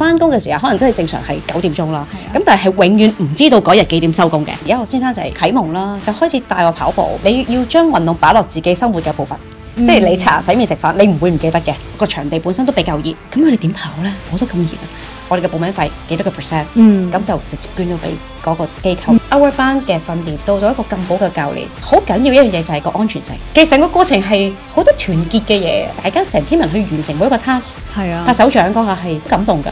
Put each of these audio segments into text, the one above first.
翻工嘅時候可能都係正常係九點鐘啦，咁但係係永遠唔知道嗰日幾點收工嘅。而家我先生就係啟蒙啦，就開始帶我跑步。你要將運動擺落自己生活嘅部分，即係你刷牙、洗面、食飯，你唔會唔記得嘅。個場地本身都比較熱，咁我哋點跑呢？我都咁熱啊！我哋嘅報名費幾多個 percent？嗯，咁就直接捐咗俾嗰個機構。Outward Bound 班嘅訓練到咗一個更好嘅教練，好緊要一樣嘢就係個安全性。其實成個過程係好多團結嘅嘢，大家成天人去完成每一個 task。係啊，拍手掌嗰下係感動㗎。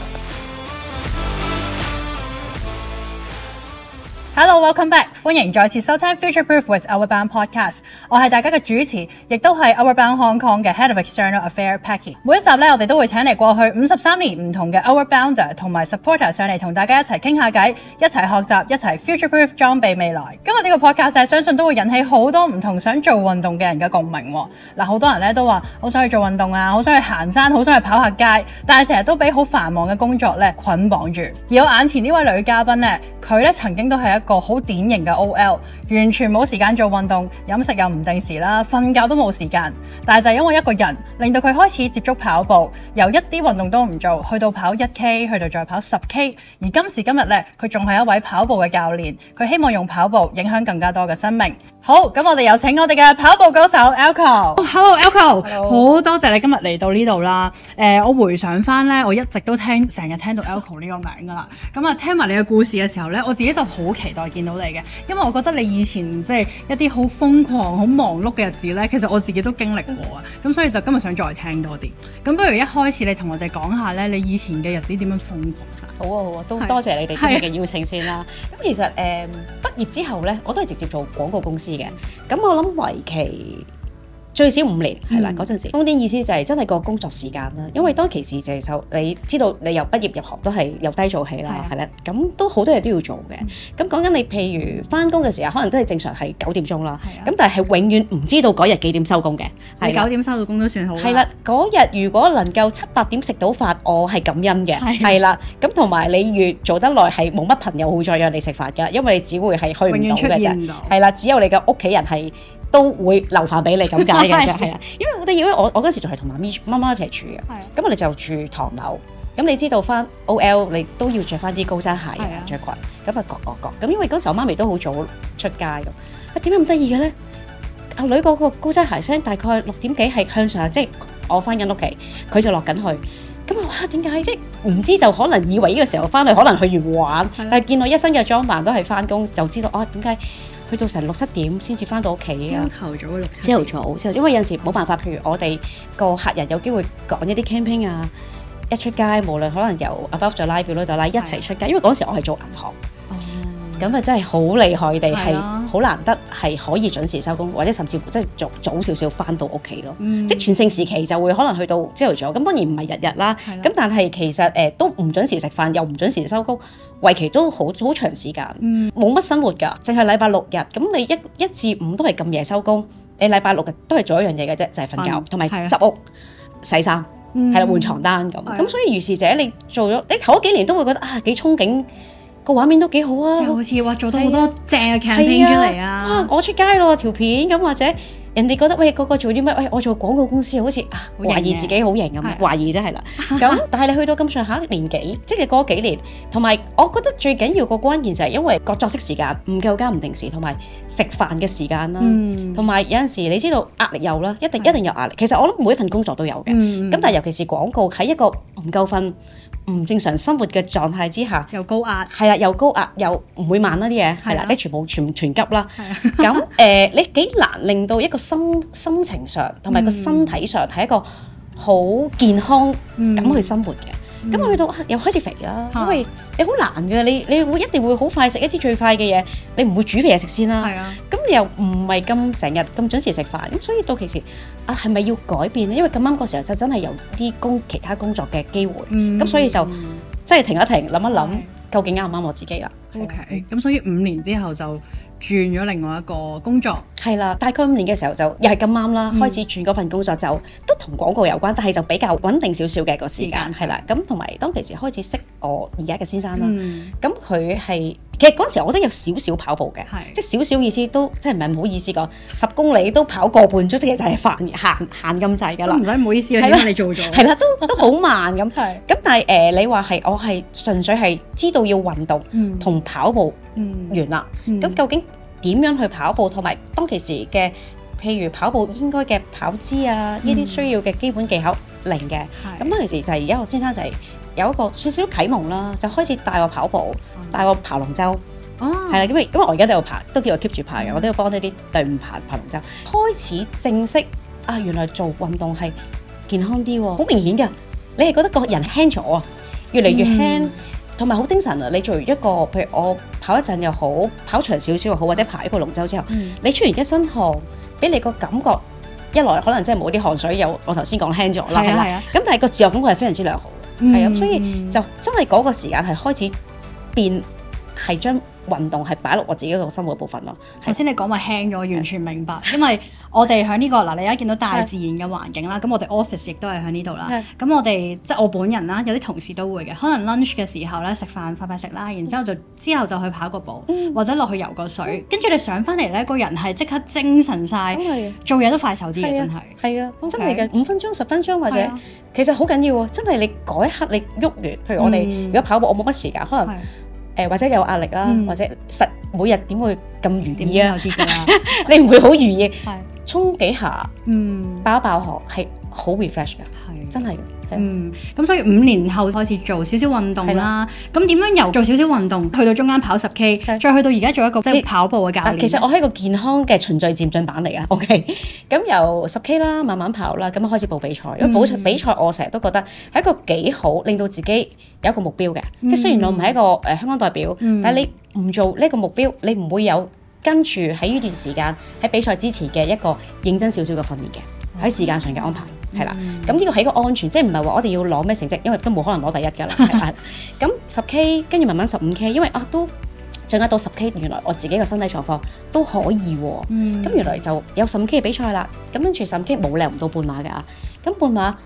Hello, welcome back！歡迎再次收聽 Future Proof with Outward Bound Podcast。我係大家嘅主持，亦都係 Outward Bound Hong Kong 嘅 Head of External Affairs Paki。每一集咧，我哋都會請嚟過去五十三年唔同嘅 Outward Bounder 同埋 Supporter 上嚟，同大家一齊傾下偈，一齊學習，一齊 Future Proof 裝備未來。今日呢個 podcast 相信都會引起好多唔同想做運動嘅人嘅共鳴。嗱、啊，好多人咧都話好想去做運動啊，好想去行山，好想去跑下街，但係成日都俾好繁忙嘅工作咧捆綁住。而我眼前呢位女嘉賓咧，佢咧曾經都係一個好典型嘅 OL，完全冇時間做運動，飲食又唔定時啦，瞓覺都冇時間。但係就係因為一個人，令到佢開始接觸跑步，由一啲運動都唔做，去到跑一 K，去到再跑十 K。而今時今日咧，佢仲係一位跑步嘅教練，佢希望用跑步影響更加多嘅生命。好，咁我哋有請我哋嘅跑步高手 Elco。Hello Elco，好多謝你今日嚟到呢度啦。誒、呃，我回想翻呢，我一直都聽成日聽到 Elco 呢個名噶啦。咁、嗯、啊，聽埋你嘅故事嘅時候呢，我自己就好奇。再見到你嘅，因為我覺得你以前即係、就是、一啲好瘋狂、好忙碌嘅日子咧，其實我自己都經歷過啊，咁所以就今日想再聽多啲。咁不如一開始你同我哋講下咧，你以前嘅日子點樣瘋狂？好啊，好啊，都多謝你哋今日嘅邀請先啦。咁、啊啊、其實誒、呃、畢業之後咧，我都係直接做廣告公司嘅。咁我諗維琪。最少五年係啦，嗰陣時。重點意思就係真係個工作時間啦，因為當其時就你知道你由畢業入行都係由低做起啦，係啦。咁都好多嘢都要做嘅。咁講緊你，譬如返工嘅時候，可能都係正常係九點鐘啦。咁但係係永遠唔知道嗰日幾點收工嘅。係九點收到工都算好啦。係啦，嗰日如果能夠七八點食到飯，我係感恩嘅。係啦。咁同埋你越做得耐，係冇乜朋友會再約你食飯㗎，因為你只會係去唔到嘅啫。係啦，只有你嘅屋企人係。都會留飯俾你咁解嘅啫，因為我哋因為我我嗰時仲係同媽咪、媽媽一齊住嘅，咁的我哋就住唐樓。咁你知道翻 O L 你都要着翻啲高踭鞋啊，著裙的，咁啊各各各。咁因為嗰陣時候我媽咪都好早出街嘅，啊點解咁得意嘅咧？阿女嗰個高踭鞋聲大概六點幾係向上，即係我翻緊屋企，佢就落緊去。咁啊哇，點解即唔知就可能以為呢個時候翻去，可能去完玩，的但係見到一身嘅裝扮都係翻工，就知道哦點解。啊啊去到成六七點先至翻到屋企啊！朝頭早六七朝頭早好朝，因為有陣時冇辦法。譬如我哋個客人有機會講一啲 camping 啊，一出街無論可能由 above 再拉表，呢就拉一齊出街。的因為嗰陣時我係做銀行。咁啊，真係好厲害哋，係好難得係可以準時收工，或者甚至乎即係早早少少翻到屋企咯。即係全盛時期就會可能去到朝頭早，咁當然唔係日日啦。咁但係其實誒都唔準時食飯，又唔準時收工，為期都好好長時間，冇乜生活㗎。淨係禮拜六日，咁你一一至五都係咁夜收工，你禮拜六日都係做一樣嘢嘅啫，就係瞓覺同埋執屋、洗衫，係啦換床單咁。咁所以如是者，你做咗你頭嗰幾年都會覺得啊幾憧憬。個畫面都幾好啊！就好似話，做到好多、啊、正嘅 campaign 出嚟啊，啊！我出街咯條片咁，或者人哋覺得喂，個個做啲乜？喂，我做廣告公司好似、啊、懷疑自己好型咁，懷疑真係啦。咁、啊、但係你去到咁上下年紀，即係過咗幾年，同埋我覺得最緊要個關鍵就係因為個作息時間唔夠加唔定時，同埋食飯嘅時間啦，同埋、嗯、有陣時你知道壓力有啦，一定一定有壓力。其實我諗每一份工作都有嘅，咁、嗯、但係尤其是廣告喺一個唔夠瞓。唔正常生活嘅狀態之下，又高壓，係啦，又高壓，又唔會慢啦啲嘢，係啦的，即係全部全全急啦。咁誒是的、 呃、你幾難令到一個心心情上同埋個身體上係一個好健康咁、嗯、去生活嘅。咁我去到又開始肥啦，啊、因為你好難嘅，你你會一定會好快食一啲最快嘅嘢，你唔會煮嘢食先啦。咁、啊、你又唔係咁成日咁準時食飯，咁所以到其時啊，係咪要改變咧？因為咁啱個時候就真係有啲工其他工作嘅機會，咁、嗯、所以就即係停一停，諗、嗯、一諗。究竟啱唔啱我自己啦？OK，咁、嗯、所以五年之後就轉咗另外一個工作。係啦，大概五年嘅時候就又係咁啱啦，嗯、開始轉嗰份工作就都同廣告有關，但係就比較穩定少少嘅個時間係啦。咁同埋當其時開始識我而家嘅先生啦，咁佢係。其實嗰時我都有少少跑步嘅，是即少少意思都即唔係唔好意思講、嗯、十公里都跑個半鐘，即係就係行行行咁滯㗎啦，唔使唔好意思，啦你做咗，係啦，都都好慢咁。咁 是但係誒、呃，你話係我係純粹係知道要運動同跑步完啦。咁、嗯嗯、究竟點樣去跑步，同埋當其時嘅譬如跑步應該嘅跑姿啊，呢啲需要嘅基本技巧嚟嘅。咁當其時就係而家我先生就係、是。有一個少少啟蒙啦，就開始帶我跑步，帶我爬龍舟。哦，係啦，因為我而家都喺度爬，都叫我 keep 住爬嘅，我都要幫呢啲隊伍爬爬龍舟。開始正式啊，原來做運動係健康啲，好明顯㗎。你係覺得個人輕咗，越嚟越輕，同埋好精神啊！你做完一個，譬如我跑一陣又好，跑長少少又好，或者爬一個龍舟之後，mm. 你出完一身汗，俾你個感覺，一來可能真係冇啲汗水，有我頭先講輕咗啦，係啊，咁但係個自我感覺係非常之良好。係啊，所以就真係嗰個時間係開始變，係將運動係擺落我自己一個生活部分咯。頭先你講話輕咗，我完全明白， 因為。我哋喺呢個嗱，你而家見到大自然嘅環境啦，咁我哋 office 亦都係喺呢度啦。咁我哋即係我本人啦，有啲同事都會嘅。可能 lunch 嘅時候咧，食飯快快食啦，然之後就之後就去跑個步，或者落去游個水。跟住你上翻嚟咧，個人係即刻精神晒，做嘢都快手啲嘅。真係係啊，真係嘅。五分鐘、十分鐘或者其實好緊要喎，真係你嗰一刻你喐完，譬如我哋如果跑步，我冇乜時間，可能誒或者有壓力啦，或者實每日點會咁如意啊？你唔會好如意。操幾下，嗯，爆一爆汗係好 refresh 嘅，係的真係嘅。嗯，咁所以五年後開始做少少運動啦。咁點的樣由做少少運動去到中間跑十 K，的再去到而家做一個即係跑步嘅教練。其實我係一個健康嘅循序漸進版嚟嘅。 OK，咁由十 K 啦，慢慢跑啦，咁開始報比賽。嗯、因為報比賽，我成日都覺得係一個幾好，令到自己有一個目標嘅。即係、嗯、雖然我唔係一個誒香港代表，但係你唔做呢個目標，你唔會有。跟住喺呢段時間喺比賽之前嘅一個認真少少嘅訓練嘅，喺時間上嘅安排係啦。咁呢、嗯、個係一個安全，即係唔係話我哋要攞咩成績，因為都冇可能攞第一㗎啦。咁十 K 跟住慢慢十五 K，因為啊都增加到十 K，原來我自己嘅身體狀況都可以喎。咁、嗯、原來就有十五 K 嘅比賽啦。咁跟住十五 K 冇理由唔到半馬㗎啊，咁半馬。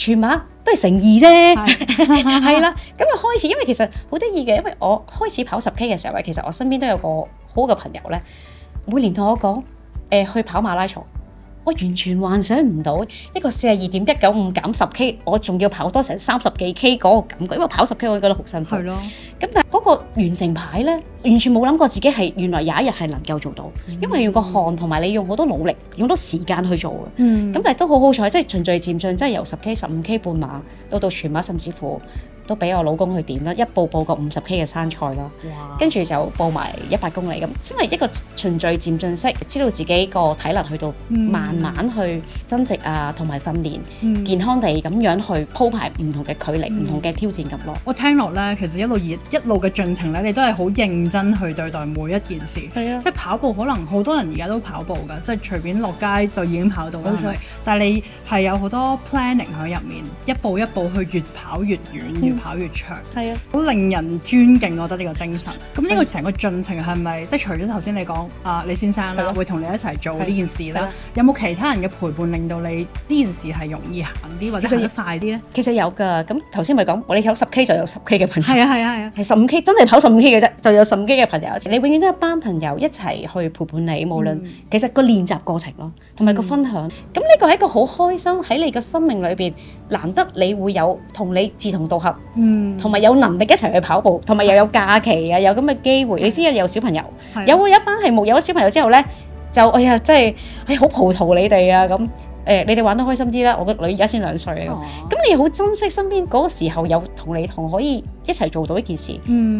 全馬都係乘二啫是的， 係啦。咁啊開始，因為其實好得意嘅，因為我開始跑十 K 嘅時候啊，其實我身邊都有個好嘅朋友咧，每年同我講，誒、呃、去跑馬拉松。我完全幻想唔到，一個四十二點一九五減十 K，我仲要跑多成三十幾 K 嗰個感覺，因為跑十 K 我覺得好辛苦。係咯，咁但係嗰個完成牌咧，完全冇諗過自己係原來有一日係能夠做到，因為用個汗同埋你用好多努力、用多時間去做嘅。嗯，咁但係都好好彩，即係循序漸進，即係由十 K、十五 K 半馬到到全馬，甚至乎。都俾我老公去點咯，一步步個五十 K 嘅山賽咯，哇跟住就報埋一百公里咁，真係一個循序漸進式，知道自己個體能去到，嗯、慢慢去增值啊，同埋訓練、嗯、健康地咁樣去鋪排唔同嘅距離、唔、嗯、同嘅挑戰咁咯。我聽落咧，其實一路以一路嘅進程咧，你都係好認真去對待每一件事。係啊，即係跑步，可能好多人而家都跑步㗎，即係隨便落街就已經跑到是是但係你係有好多 planning 喺入面，一步一步去越跑越遠。越越跑越長，係啊，好令人尊敬，我覺得呢個精神。咁呢個成個進程係咪即係除咗頭先你講啊李先生啦、啊，啊、會同你一齊做呢件事咧？啊、有冇其他人嘅陪伴令到你呢件事係容易行啲或者走得快啲咧？其實有噶，咁頭先咪講，我哋跑十 K 就有十 K 嘅朋友，係啊係啊係啊，係十五 K 真係跑十五 K 嘅啫，就有十五 K 嘅朋友。你永遠都一班朋友一齊去陪伴你，無論其實個練習過程咯，同埋個分享。咁呢、嗯、個係一個好開心喺你嘅生命裏邊。難得你會有同你志同道合，嗯，同埋有能力一齊去跑步，同埋又有假期啊，有咁嘅機會。的你知啊，有小朋友，的有有一班係冇有咗小朋友之後咧，就哎呀，真係哎好葡萄你哋啊咁。誒、呃，你哋玩得開心啲啦。我個女而家先兩歲啊，咁、哦，你好珍惜身邊嗰個時候有同你同可以一齊做到一件事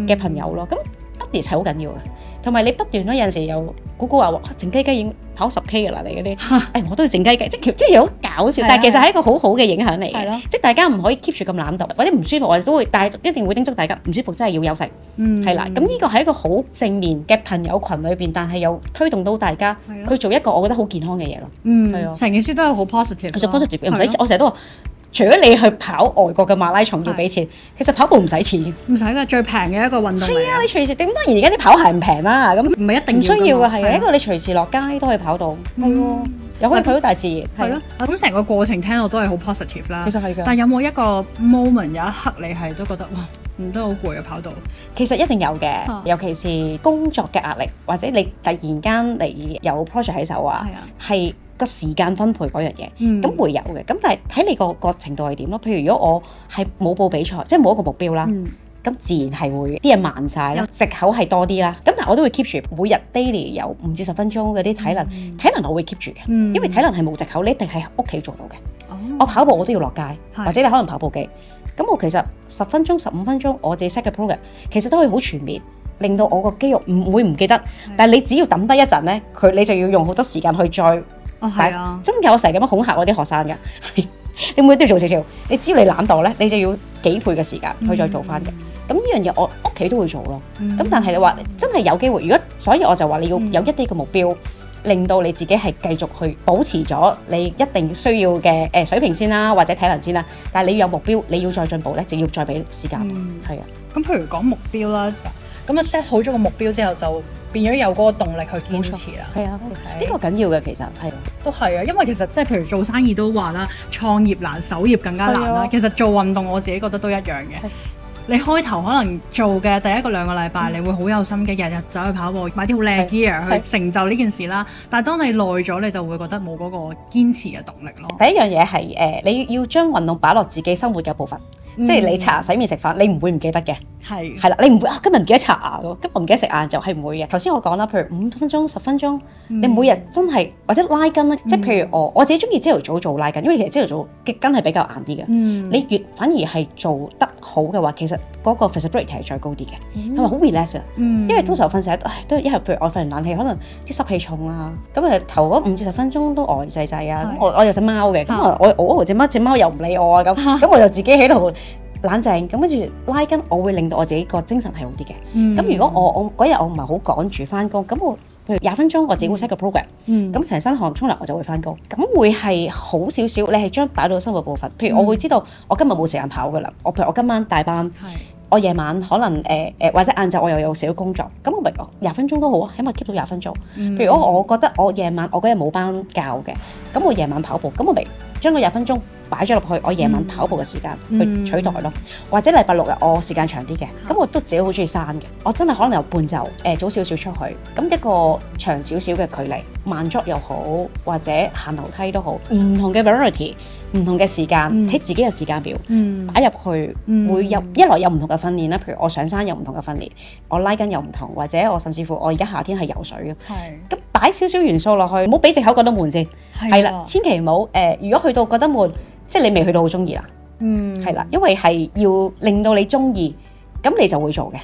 嘅朋友咯。咁 f r i 好緊要嘅。嗯嗯同埋你不斷咯，有陣時又估估話，靜雞雞已經跑十 K 嘅啦，你嗰啲，誒我都靜雞雞，即係即係好搞笑，但係其實係一個好好嘅影響嚟嘅，即係大家唔可以 keep 住咁懶惰，或者唔舒服，我哋都會，但係一定會叮囑大家，唔舒服真係要休息，係啦，咁呢個係一個好正面嘅朋友群裏邊，但係又推動到大家，去做一個我覺得好健康嘅嘢咯，係啊，成件事都係好 positive，其實 positive 唔使，我成日都話。除咗你去跑外國嘅馬拉松要俾錢，其實跑步唔使錢。唔使㗎，最平嘅一個運動嚟。係啊，你隨時點，當然而家啲跑鞋唔平啦，咁唔係一定需要嘅，係一個你隨時落街都可以跑到。係喎，又可以睇到大自然。係咯，咁成個過程聽落都係好 positive 啦。其實係嘅。但係有冇一個 moment，有一刻你係都覺得哇，唔得，好攰啊，跑到？其實一定有嘅，尤其是工作嘅壓力，或者你突然間你有 project 喺手啊，係。個時間分配嗰樣嘢，咁、嗯、會有嘅。咁但係睇你個、個個程度係點咯？譬如如果我係冇報比賽，即係冇一個目標啦，咁、嗯、自然係會啲嘢慢晒啦，藉、嗯、口係多啲啦。咁但係我都會 keep 住每日 daily 有五至十分鐘嗰啲體能，嗯、體能我會 keep 住嘅，嗯、因為體能係冇藉口，你一定係屋企做到嘅。哦、我跑步我都要落街，是或者你可能跑步機咁，我其實十分鐘、十五分鐘我自己 set 嘅 program 其實都可以好全面，令到我個肌肉唔會唔記得。的但係你只要揼低一陣咧，佢你就要用好多時間去追。係、哦、啊，真嘅，我成日咁樣恐嚇我啲學生噶。 你每日都要做少少，你只要你懶惰咧，啊、你就要幾倍嘅時間去再做翻嘅。咁呢、嗯、樣嘢我屋企都會做咯，咁、嗯、但係你話真係有機會，如果所以我就話你要有一啲嘅目標，嗯、令到你自己係繼續去保持咗你一定需要嘅誒水平先啦、啊，或者體能先啦、啊。但係你要有目標，你要再進步咧，就要再俾時間。係、嗯、啊，咁譬如講目標啦。咁啊 set 好咗個目標之後，就變咗有嗰個動力去堅持啦。係啊，呢個緊要嘅其實係都係啊，因為其實即係譬如做生意都話啦，創業難，守業更加難啦。其實做運動我自己覺得都一樣嘅。你開頭可能做嘅第一個兩個禮拜，你會好有心機，日日走去跑步，買啲好靚嘅 gear 去成就呢件事啦。但係當你耐咗，你就會覺得冇嗰個堅持嘅動力咯。第一樣嘢係誒，你要將運動擺落自己生活嘅部分。即係你刷牙、洗面、食飯，你唔會唔記得嘅。係係啦，你唔會啊，今日唔記得刷牙咯，今日唔記得食晏，就係唔會嘅。頭先我講啦，譬如五分鐘、十分鐘，嗯、你每日真係或者拉筋咧，嗯、即係譬如我我自己中意朝頭早做拉筋，因為其實朝頭早嘅筋係比較硬啲嘅。嗯、你越反而係做得好嘅話，其實嗰個 flexibility 係再高啲嘅，同埋好 relax 啊。嗯、因為通常瞓醒日都一因譬如我瞓完冷氣，可能啲濕氣重啊，咁啊頭五至十分鐘都呆滯滯啊，我我有隻、哦哦、貓嘅，咁我我隻貓隻貓又唔理我啊咁，咁我就自己喺度。 冷靜咁跟住拉筋，我會令到我自己個精神係好啲嘅。咁、嗯、如果我我嗰日我唔係好趕住翻工，咁我譬如廿分鐘我自己會 set 個 program，咁成、嗯嗯、身汗沖涼我就會翻工，咁會係好少少。你係將擺到生活部分，譬如我會知道我今日冇時間跑噶啦。我譬如我今晚大班，是我夜晚可能誒誒、呃、或者晏晝我又有少少工作，咁我咪廿分鐘都好啊，起碼 keep 到廿分鐘。嗯、譬如我，我覺得我夜晚我嗰日冇班教嘅，咁我夜晚跑步，咁我咪將個廿分鐘。擺咗落去，我夜晚跑步嘅時間去取代咯，嗯、或者禮拜六日我時間長啲嘅，咁我都自己好中意山嘅，我真係可能由半晝誒、欸、早少少出去，咁一個長少少嘅距離，慢速又好，或者行樓梯都好，唔同嘅 variety。唔同嘅時間，睇、嗯、自己嘅時間表，擺入、嗯、去會有一來有唔同嘅訓練啦。譬如我上山有唔同嘅訓練，我拉筋又唔同，或者我甚至乎我而家夏天係游水嘅。係咁擺少少元素落去，唔好俾藉口覺得悶先。係啦的，千祈唔好誒。如果去到覺得悶，即係你未去到好中意啦。嗯，係啦，因為係要令到你中意，咁你就會做嘅。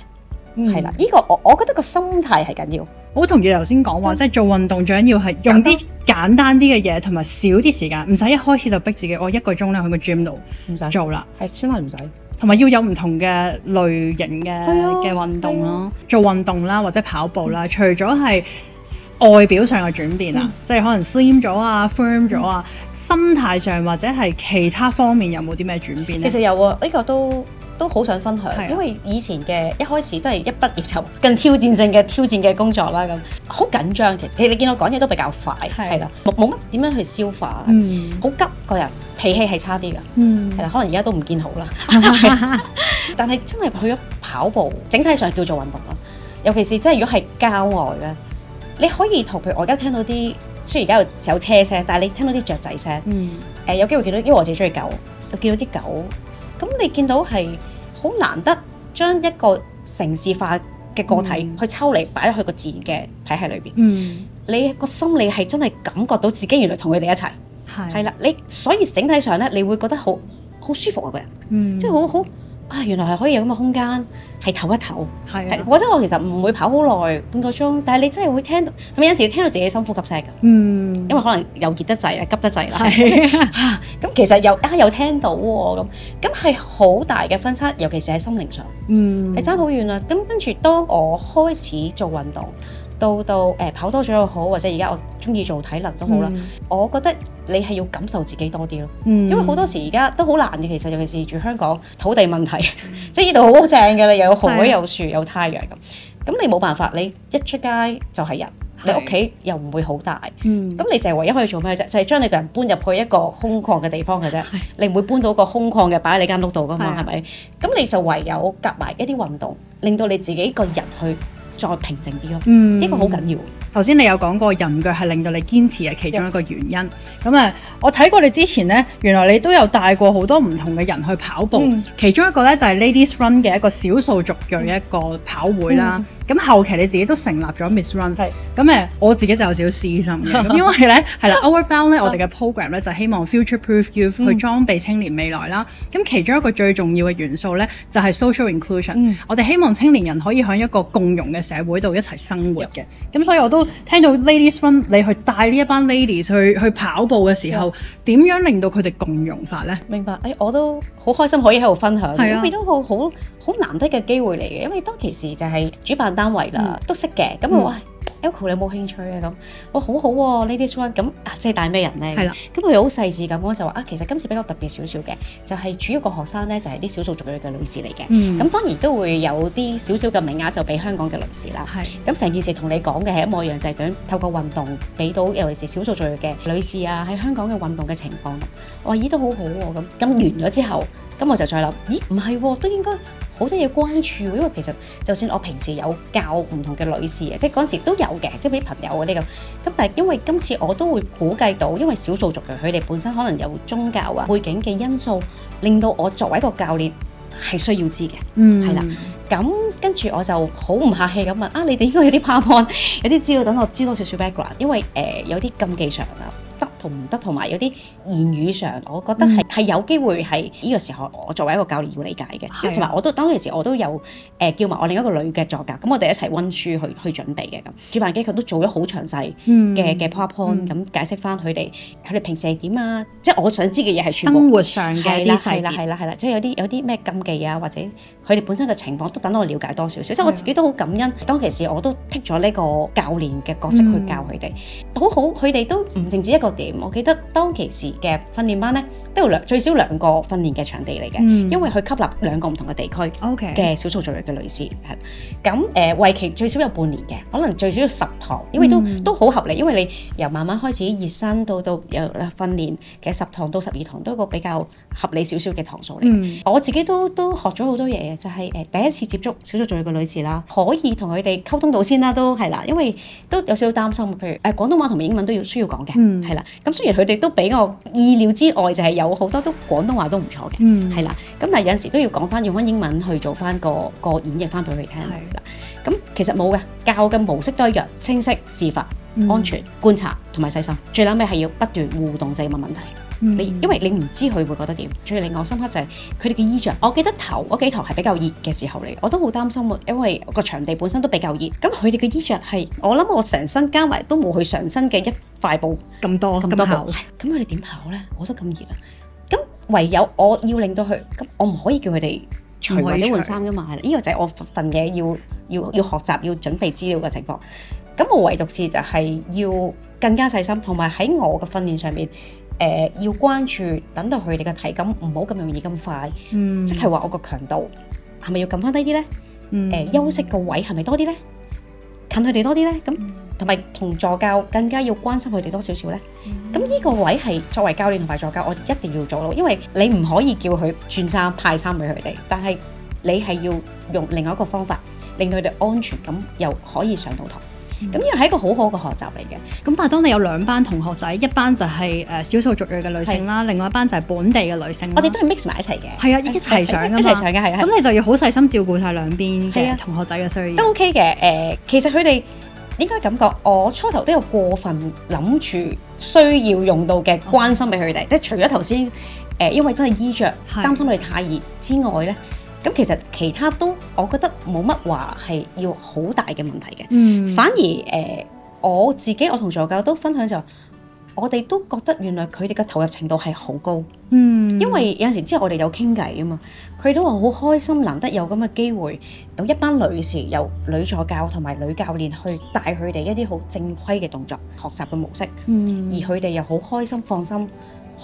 係啦、嗯，呢、呢個我我覺得個心態係緊要。我好同意你頭先講話，嗯、即係做運動，最緊要係用啲簡單啲嘅嘢，同埋單少啲時間，唔使一開始就逼自己，我一個鐘咧去個 gym 度唔使做啦，係先係唔使，同埋要有唔同嘅類型嘅嘅運動咯，哦、做運動啦或者跑步啦，嗯、除咗係外表上嘅轉變啊，嗯、即係可能 slim 咗啊，firm 咗啊，嗯、心態上或者係其他方面有冇啲咩轉變啊？其實有啊、哦，呢、這個都。都好想分享，是啊、因為以前嘅一開始真係一畢業就更挑戰性嘅挑戰嘅工作啦，咁好緊張其實。你你見我講嘢都比較快，係啦是、啊，冇冇乜點樣去消化，好、嗯、急個人脾氣係差啲㗎，係啦、嗯，可能而家都唔見好啦。嗯、 但係真係去咗跑步，整體上叫做運動咯。尤其是真係如果係郊外咧，你可以同譬如我而家聽到啲，雖然而家有有車聲，但係你聽到啲雀仔聲，誒、嗯呃、有機會見到，因為我自己中意狗，又見到啲狗。咁你見到係好難得將一個城市化嘅個體去抽離，擺喺佢個自然嘅體系裏邊。嗯、你個心理係真係感覺到自己原來同佢哋一齊，係啦的。你所以整體上咧，你會覺得好好舒服啊！個人，即係好好。啊，原來係可以有咁嘅空間，係唞一唞，啊，或者我其實唔會跑好耐，半個鐘，但係你真係會聽到，咁有時聽到自己嘅心呼吸聲㗎，嗯、因為可能又熱得滯啊，急得滯啦，咁、啊啊、其實又啊又聽到喎、哦，咁咁係好大嘅分差，尤其是喺心靈上，係爭好遠啦。咁跟住當我開始做運動。到到誒、呃、跑多咗又好，或者而家我中意做體能都好啦。嗯、我覺得你係要感受自己多啲咯，嗯、因為好多時而家都好難嘅。其實，尤其是住香港土地問題，即係呢度好正㗎啦，又有河，啊、有樹，有太陽咁。咁你冇辦法，你一出街就係人，啊、你屋企又唔會好大。咁、啊、你就係唯一可以做咩啫、就是，就係、是、將你個人搬入去一個空曠嘅地方嘅啫。啊、你唔會搬到個空曠嘅擺喺你間屋度噶嘛？係咪、啊？咁你就唯有夾埋一啲運動，令到你自己個人去。再平靜啲咯，呢、嗯、個好緊要。頭先你有講過人腳係令到你堅持嘅其中一個原因。咁啊、嗯，我睇過你之前呢，原來你都有帶過好多唔同嘅人去跑步，嗯、其中一個呢，就係 Ladies Run 嘅一個少數族裔嘅一個跑會啦。嗯嗯咁後期你自己都成立咗 Miss Run，咁誒我自己就有少少私心嘅，因為呢係啦，Outward Bound 咧我哋嘅 program 咧就希望 future-proof youth 去裝備青年未來啦。咁其中一個最重要嘅元素呢，就係 social inclusion，我哋希望青年人可以喺一個共融嘅社會度一齊生活嘅。咁所以我都聽到 ladies run 你去帶呢一班 ladies 去去跑步嘅時候，點樣令到佢哋共融法呢？明白。誒，我都好開心可以喺度分享，係啊，變到個好。好難得嘅機會嚟嘅，因為當其時就係主辦單位啦，嗯、都識嘅，咁我、嗯。Elco，你有冇興趣啊？咁我、哦、好好喎 Ladies 咁即係帶咩人咧？係啦的，咁佢好細緻咁咯，就話啊，其實今次比較特別少少嘅，就係、是、主要個學生咧，就係啲少數族裔嘅女士嚟嘅。咁、嗯、當然都會有啲少少嘅名額就俾香港嘅女士啦。係、嗯。咁成件事同你講嘅係一模一樣，就係、是、想透過運動俾到，尤其是少數族裔嘅女士啊，喺香港嘅運動嘅情況。哇、啊嗯嗯，咦，都好好喎，咁咁完咗之後，咁我就再諗，咦，唔係喎，都應該好多嘢關注喎，因為其實就算我平時有教唔同嘅女士啊，即係嗰陣時都。有嘅，即係俾朋友啊呢咁，咁但係因為今次我都會估計到，因為少數族裔佢哋本身可能有宗教啊背景嘅因素，令到我作為一個教練係需要知嘅，係啦、嗯，咁跟住我就好唔客氣咁問啊，你哋應該有啲 PowerPoint，有啲資料等我知道少少 background，因為誒、呃、有啲禁忌常。啊。同唔得，同埋有啲言語上，我覺得係係、mm. 有機會。係、這、呢個時候，我作為一個教練要理解嘅。同埋、啊、我都當其時我都有誒、呃、叫埋我另一個女嘅助教，咁我哋一齊溫書去去準備嘅咁。主辦機構都做咗好詳細嘅嘅 powerpoint 咁解釋翻佢哋佢哋平時係點啊，嗯、即係我想知嘅嘢係生活上嘅啲細節啦係啦係啦，即係有啲有啲咩禁忌啊，或者佢哋本身嘅情況都等我了解多少少。即係是、啊啊、我自己都好感恩，啊、當其時我都 take 咗呢個教練嘅角色去教佢哋，mm. 好好佢哋都唔淨止一個。點。我記得當其時嘅訓練班咧，都有兩最少兩個訓練嘅場地嚟嘅。嗯、因為佢吸納兩個唔同嘅地區嘅少數族裔嘅女士係。咁誒 Okay.，為期、呃、最少有半年嘅，可能最少要十堂，因為都、嗯、都好合理，因為你由慢慢開始熱身到到有訓練，其實十堂到十二堂都係一個比較，合理少少嘅堂數嚟，嗯、我自己都都學咗好多嘢，就係、是、誒、呃、第一次接觸少數族裔嘅女士啦，可以同佢哋溝通到先啦，都係啦，因為都有少少擔心，譬如誒、呃、廣東話同埋英文都要需要講嘅，係、嗯、啦，咁雖然佢哋都比我意料之外，就係、是、有好多都廣東話都唔錯嘅，係、嗯、啦，咁但係有陣時都要講翻用翻英文去做翻個個演繹翻俾佢聽啦，咁是其實冇嘅教嘅模式都一樣，清晰、示範、嗯、安全、觀察同埋細心，最撚尾係要不斷互動，就係問問題。你、嗯、因為你唔知佢會覺得點，最令我深刻就係佢哋嘅衣着。我記得頭嗰幾堂係比較熱嘅時候嚟，我都好擔心，因為個場地本身都比較熱。咁佢哋嘅衣着係我諗，我成身加埋都冇佢上身嘅一塊布咁多，咁多多，咁佢哋點跑呢？我都咁熱啊！咁唯有我要令到佢，咁我唔可以叫佢哋除埋呢換衫㗎嘛。呢個就係我份嘢要要要，要學習要準備資料嘅情況。咁我唯獨是就係要更加細心，同埋喺我嘅訓練上面。誒要關注，等到佢哋嘅體感唔好咁容易咁快，即係話我個強度係咪要撳翻低啲呢？誒休息個位係咪多啲呢？近佢哋多啲呢？咁同埋同助教更加要關心佢哋多少少呢？咁呢個位係作為教練同埋助教，我一定要做咯，因為你唔可以叫佢轉衫派衫俾佢哋，但係你係要用另外一個方法令到佢哋安全咁又可以上到堂。咁要係一個好好嘅學習嚟嘅，咁、嗯嗯、但係當你有兩班同學仔，一班就係誒少數族裔嘅女性啦，是另外一班就係本地嘅女性。我哋都係 mix 埋一齊嘅，係啊，啊，啊，一齊上一齊上嘅係啊。咁、嗯、你就要好細心照顧晒兩邊嘅同學仔嘅需要。啊、都 OK 嘅，誒、呃，其實佢哋應該感覺我初頭都有過分諗住需要用到嘅關心俾佢哋，即係、哦、除咗頭先誒，因為真係衣着，擔心佢哋太熱是是之外咧。咁其實其他都，我覺得冇乜話係要好大嘅問題嘅。嗯，反而誒、呃、我自己，我同助教都分享就，我哋都覺得原來佢哋嘅投入程度係好高。嗯，因為有陣時之後我哋有傾偈啊嘛，佢都話好開心，難得有咁嘅機會有一班女士，有女助教同埋女教練去帶佢哋一啲好正規嘅動作學習嘅模式。嗯，而佢哋又好開心、放心。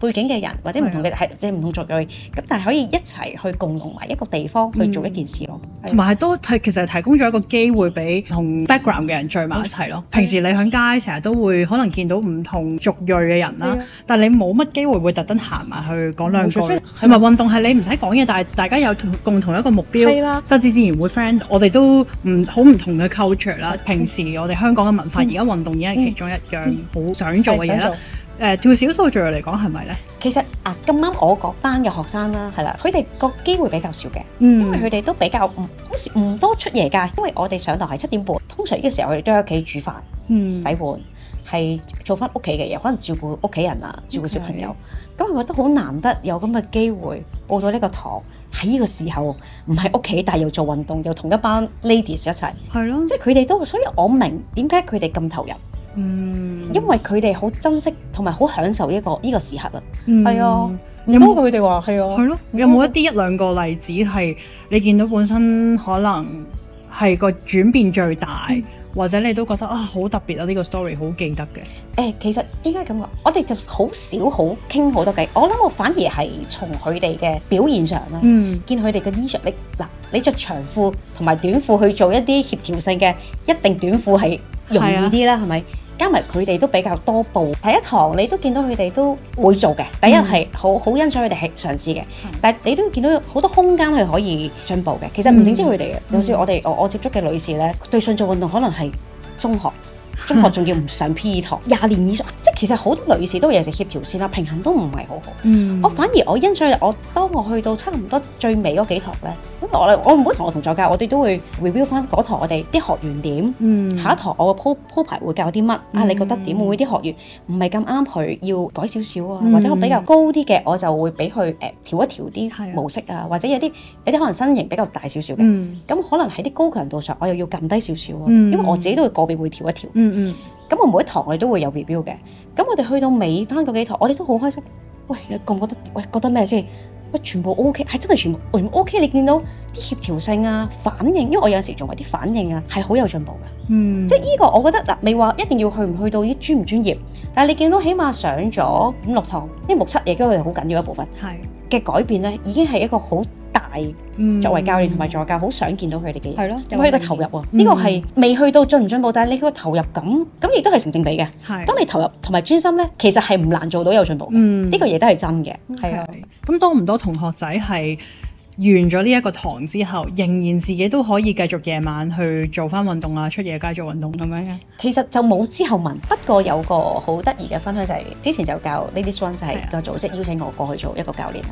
背景嘅人或者唔同嘅係即係唔同族裔，咁但係可以一齊去共融埋一個地方去做一件事咯。同埋係都係其實提供咗一個機會俾同 background 嘅人聚埋一齊咯。嗯、平時你響街成日都會可能見到唔同族裔嘅人啦，但係你冇乜機會會特登行埋去講兩句。同埋運動係你唔使講嘢，但係大家有共同一個目標，就自然會 friend。我哋都唔好唔同嘅 culture 啦。平時我哋香港嘅文化，而家運動已經係其中一樣，好想做嘅嘢啦。嗯嗯嗯嗯嗯嗯誒，跳、呃、小數序嚟講係咪咧？是是呢其實啊，咁啱我嗰班嘅學生啦，係啦，佢哋個機會比較少嘅，嗯、因為佢哋都比較唔，好似唔多出夜街。因為我哋上堂係七點半，通常呢個時候我哋都喺屋企煮飯、嗯、洗碗，係做翻屋企嘅嘢，可能照顧屋企人啊，照顧小朋友。咁 Okay.、嗯、我覺得好難得有咁嘅機會報咗呢個堂，喺呢個時候唔喺屋企，但係又做運動，又同一班 ladies 一齊，係咯的，即係佢哋都，所以我明點解佢哋咁投入。嗯，因為佢哋好珍惜同埋好享受呢、呢個呢、呢個時刻啦。嗯，係啊。有冇佢哋話係啊？係咯、嗯。有冇一啲一兩個例子係你見到本身可能係個轉變最大，嗯、或者你都覺得啊好特別啊呢、呢個 story 好記得嘅？誒、欸，其實應該咁講，我哋就好少好傾好多偈。我諗我反而係從佢哋嘅表現上啦，嗯、見佢哋嘅衣着。你嗱，你著長褲同埋短褲去做一啲協調性嘅，一定短褲係容易啲啦，係咪是、啊？加埋佢哋都比較多步，第一堂你都見到佢哋都會做嘅。第一係好好欣賞佢哋係嘗試嘅，但係你都見到好多空間係可以進步嘅。其實唔整知佢哋嘅，有時、嗯、我哋我我接觸嘅女士咧，對上做運動可能係中學。中學仲要唔上 P 堂廿 年以上，即係其實好多女士都會有啲協調性啦、啊，平衡都唔係好好。嗯、我反而我欣賞我當我去到差唔多最尾嗰幾堂咧，咁我我唔會同我同助教，我哋都會 review 翻嗰堂我哋啲學員點，嗯、下一堂我鋪鋪排會教啲乜、嗯、啊？你覺得點？會啲學員唔係咁啱佢要改少少啊，嗯、或者我比較高啲嘅，我就會俾佢誒調一調啲模式啊，的或者有啲有啲可能身形比較大少少嘅，咁、嗯、可能喺啲高強度上我又要撳低少少啊，因為我自己都會個別會調一調。嗯嗯，咁我每一堂我哋都會有 review 嘅，咁我哋去到尾翻嗰幾堂，我哋都好開心。喂，你覺唔覺得？喂，覺得咩先？喂，全部 OK，係真係全部 OK。你見到啲協調性啊、反應，因為我有陣時做啲反應啊，係好有進步嘅。嗯，即係呢個我覺得嗱，未話一定要去唔去到啲專唔專業，但係你見到起碼上咗五六堂，呢六七嘢，跟住係好緊要一部分。係。嘅改變咧，已經係一個好大作為教練同埋助教，好、嗯、想見到佢哋嘅人。係咯的，佢個投入喎，呢、嗯、個係未去到進唔進步，但係你個投入感咁，咁亦都係成正比嘅。係的，當你投入同埋專心咧，其實係唔難做到有進步。嗯，呢個嘢都係真嘅。係啊的，咁的多唔多同學仔係。完咗呢一個堂之後，仍然自己都可以繼續夜晚去做翻運動啊，出夜街做運動咁樣嘅。其實就冇之後問，不過有個好得意嘅分享就係、是，之前就教呢啲就係個組織邀請我過去做一個教練。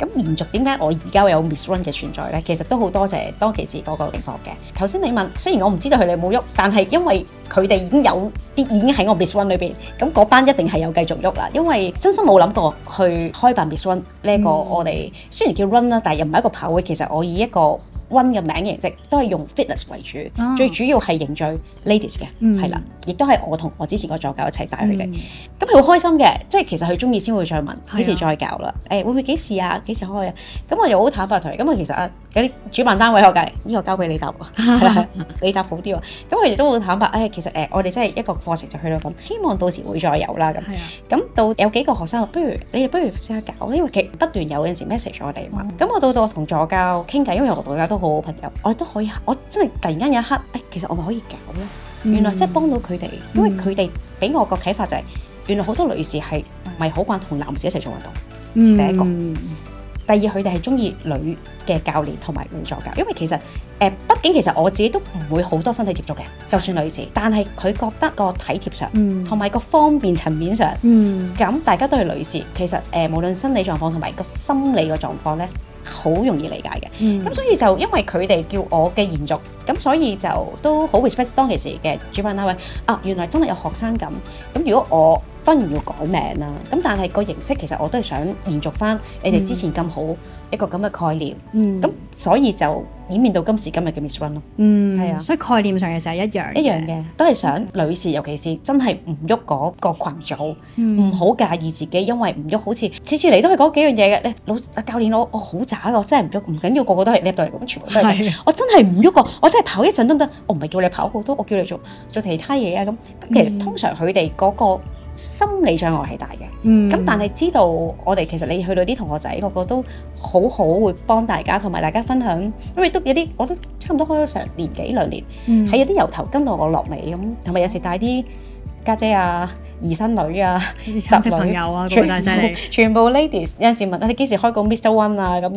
咁連續點解我而家有 miss run 嘅存在咧？其實都好多謝當其時嗰個情況嘅。頭先你問，雖然我唔知道佢哋有冇喐，但係因為佢哋已經有啲已經喺我 miss run 裏邊，咁嗰班一定係有繼續喐啦。因為真心冇諗過去開辦 miss run 呢個我，我哋、嗯、雖然叫 run 啦，但係又唔係一個跑會。其實我以一個。o 嘅名嘅形式都係用 fitness 為主，啊、最主要係凝聚 ladies 嘅，係啦、嗯，亦都係我同我之前個助教一齊帶佢哋，咁佢好開心嘅，即係其實佢中意先會再問幾、啊、時再教啦，誒、哎、會唔會幾時啊？幾時開啊？咁我又好坦白同佢，咁啊其實啊嗰啲主辦單位我隔離呢個交俾你答喎， 你答好啲喎、啊，咁佢哋都好坦白，誒、哎、其實誒我哋真係一個課程就去到咁，希望到時會再有啦咁，咁的到有幾個學生不如你哋不如試一下搞，因為佢不斷有嗰陣時 message 我哋嘛。咁、嗯、我到到同助教傾偈，因為我助教好，好朋友，我都可以，我真係突然間有一刻，誒、哎，其實我咪可以搞咧，嗯就是，原來即係幫到佢哋，因為佢哋俾我個啟發就係，原來好多女士係唔係好慣同男士一齊做運動，嗯、第一個，第二佢哋係中意女嘅教練同埋女助教，因為其實，畢、呃、竟其實我自己都唔會好多身體接觸嘅，就算女士，但係佢覺得個體貼上，同埋、嗯、個方便層面上，咁、嗯、大家都係女士，其實誒、呃，無論生理狀況同埋個心理嘅狀況咧。好容易理解嘅，咁、mm hmm. 所以就因為佢哋叫我嘅延續，咁所以就都好 respect 當其時嘅主辦單位。啊，原來真係有學生咁，咁如果我當然要改名啦，咁但係個形式其實我都係想延續翻你哋之前咁好一個咁嘅概念，咁、mm。Hmm. 所以就演變到今時今日嘅 Miss Run 咯，嗯，係啊，所以概念上其實係一樣，一樣嘅，都係想女士，嗯、尤其是真係唔喐嗰個羣組，唔、嗯、好介意自己，因為唔喐好似次次嚟都係講幾樣嘢嘅，你老教練我我好渣㗎，真係唔喐，唔緊要，個個都係個個都係叻到嚟，咁全部都係的，我真係唔喐個，我真係跑一陣都唔得，我唔係叫你跑好多，我叫你做做，做其他嘢啊咁，其實通常佢哋嗰個。嗯嗯心理障礙係大嘅，咁、嗯、但係知道我哋其實你去到啲同學仔，個個都好好會幫大家，同埋大家分享，因為都有啲我都差唔多開咗成年幾兩年，係、嗯、有啲由頭跟到我落尾咁，同埋有時帶啲。家姐啊、姨甥女啊、親戚朋友啊，全部大犀利，全部 ladies 有陣時問啊，你幾時開個 Mr One 啊？咁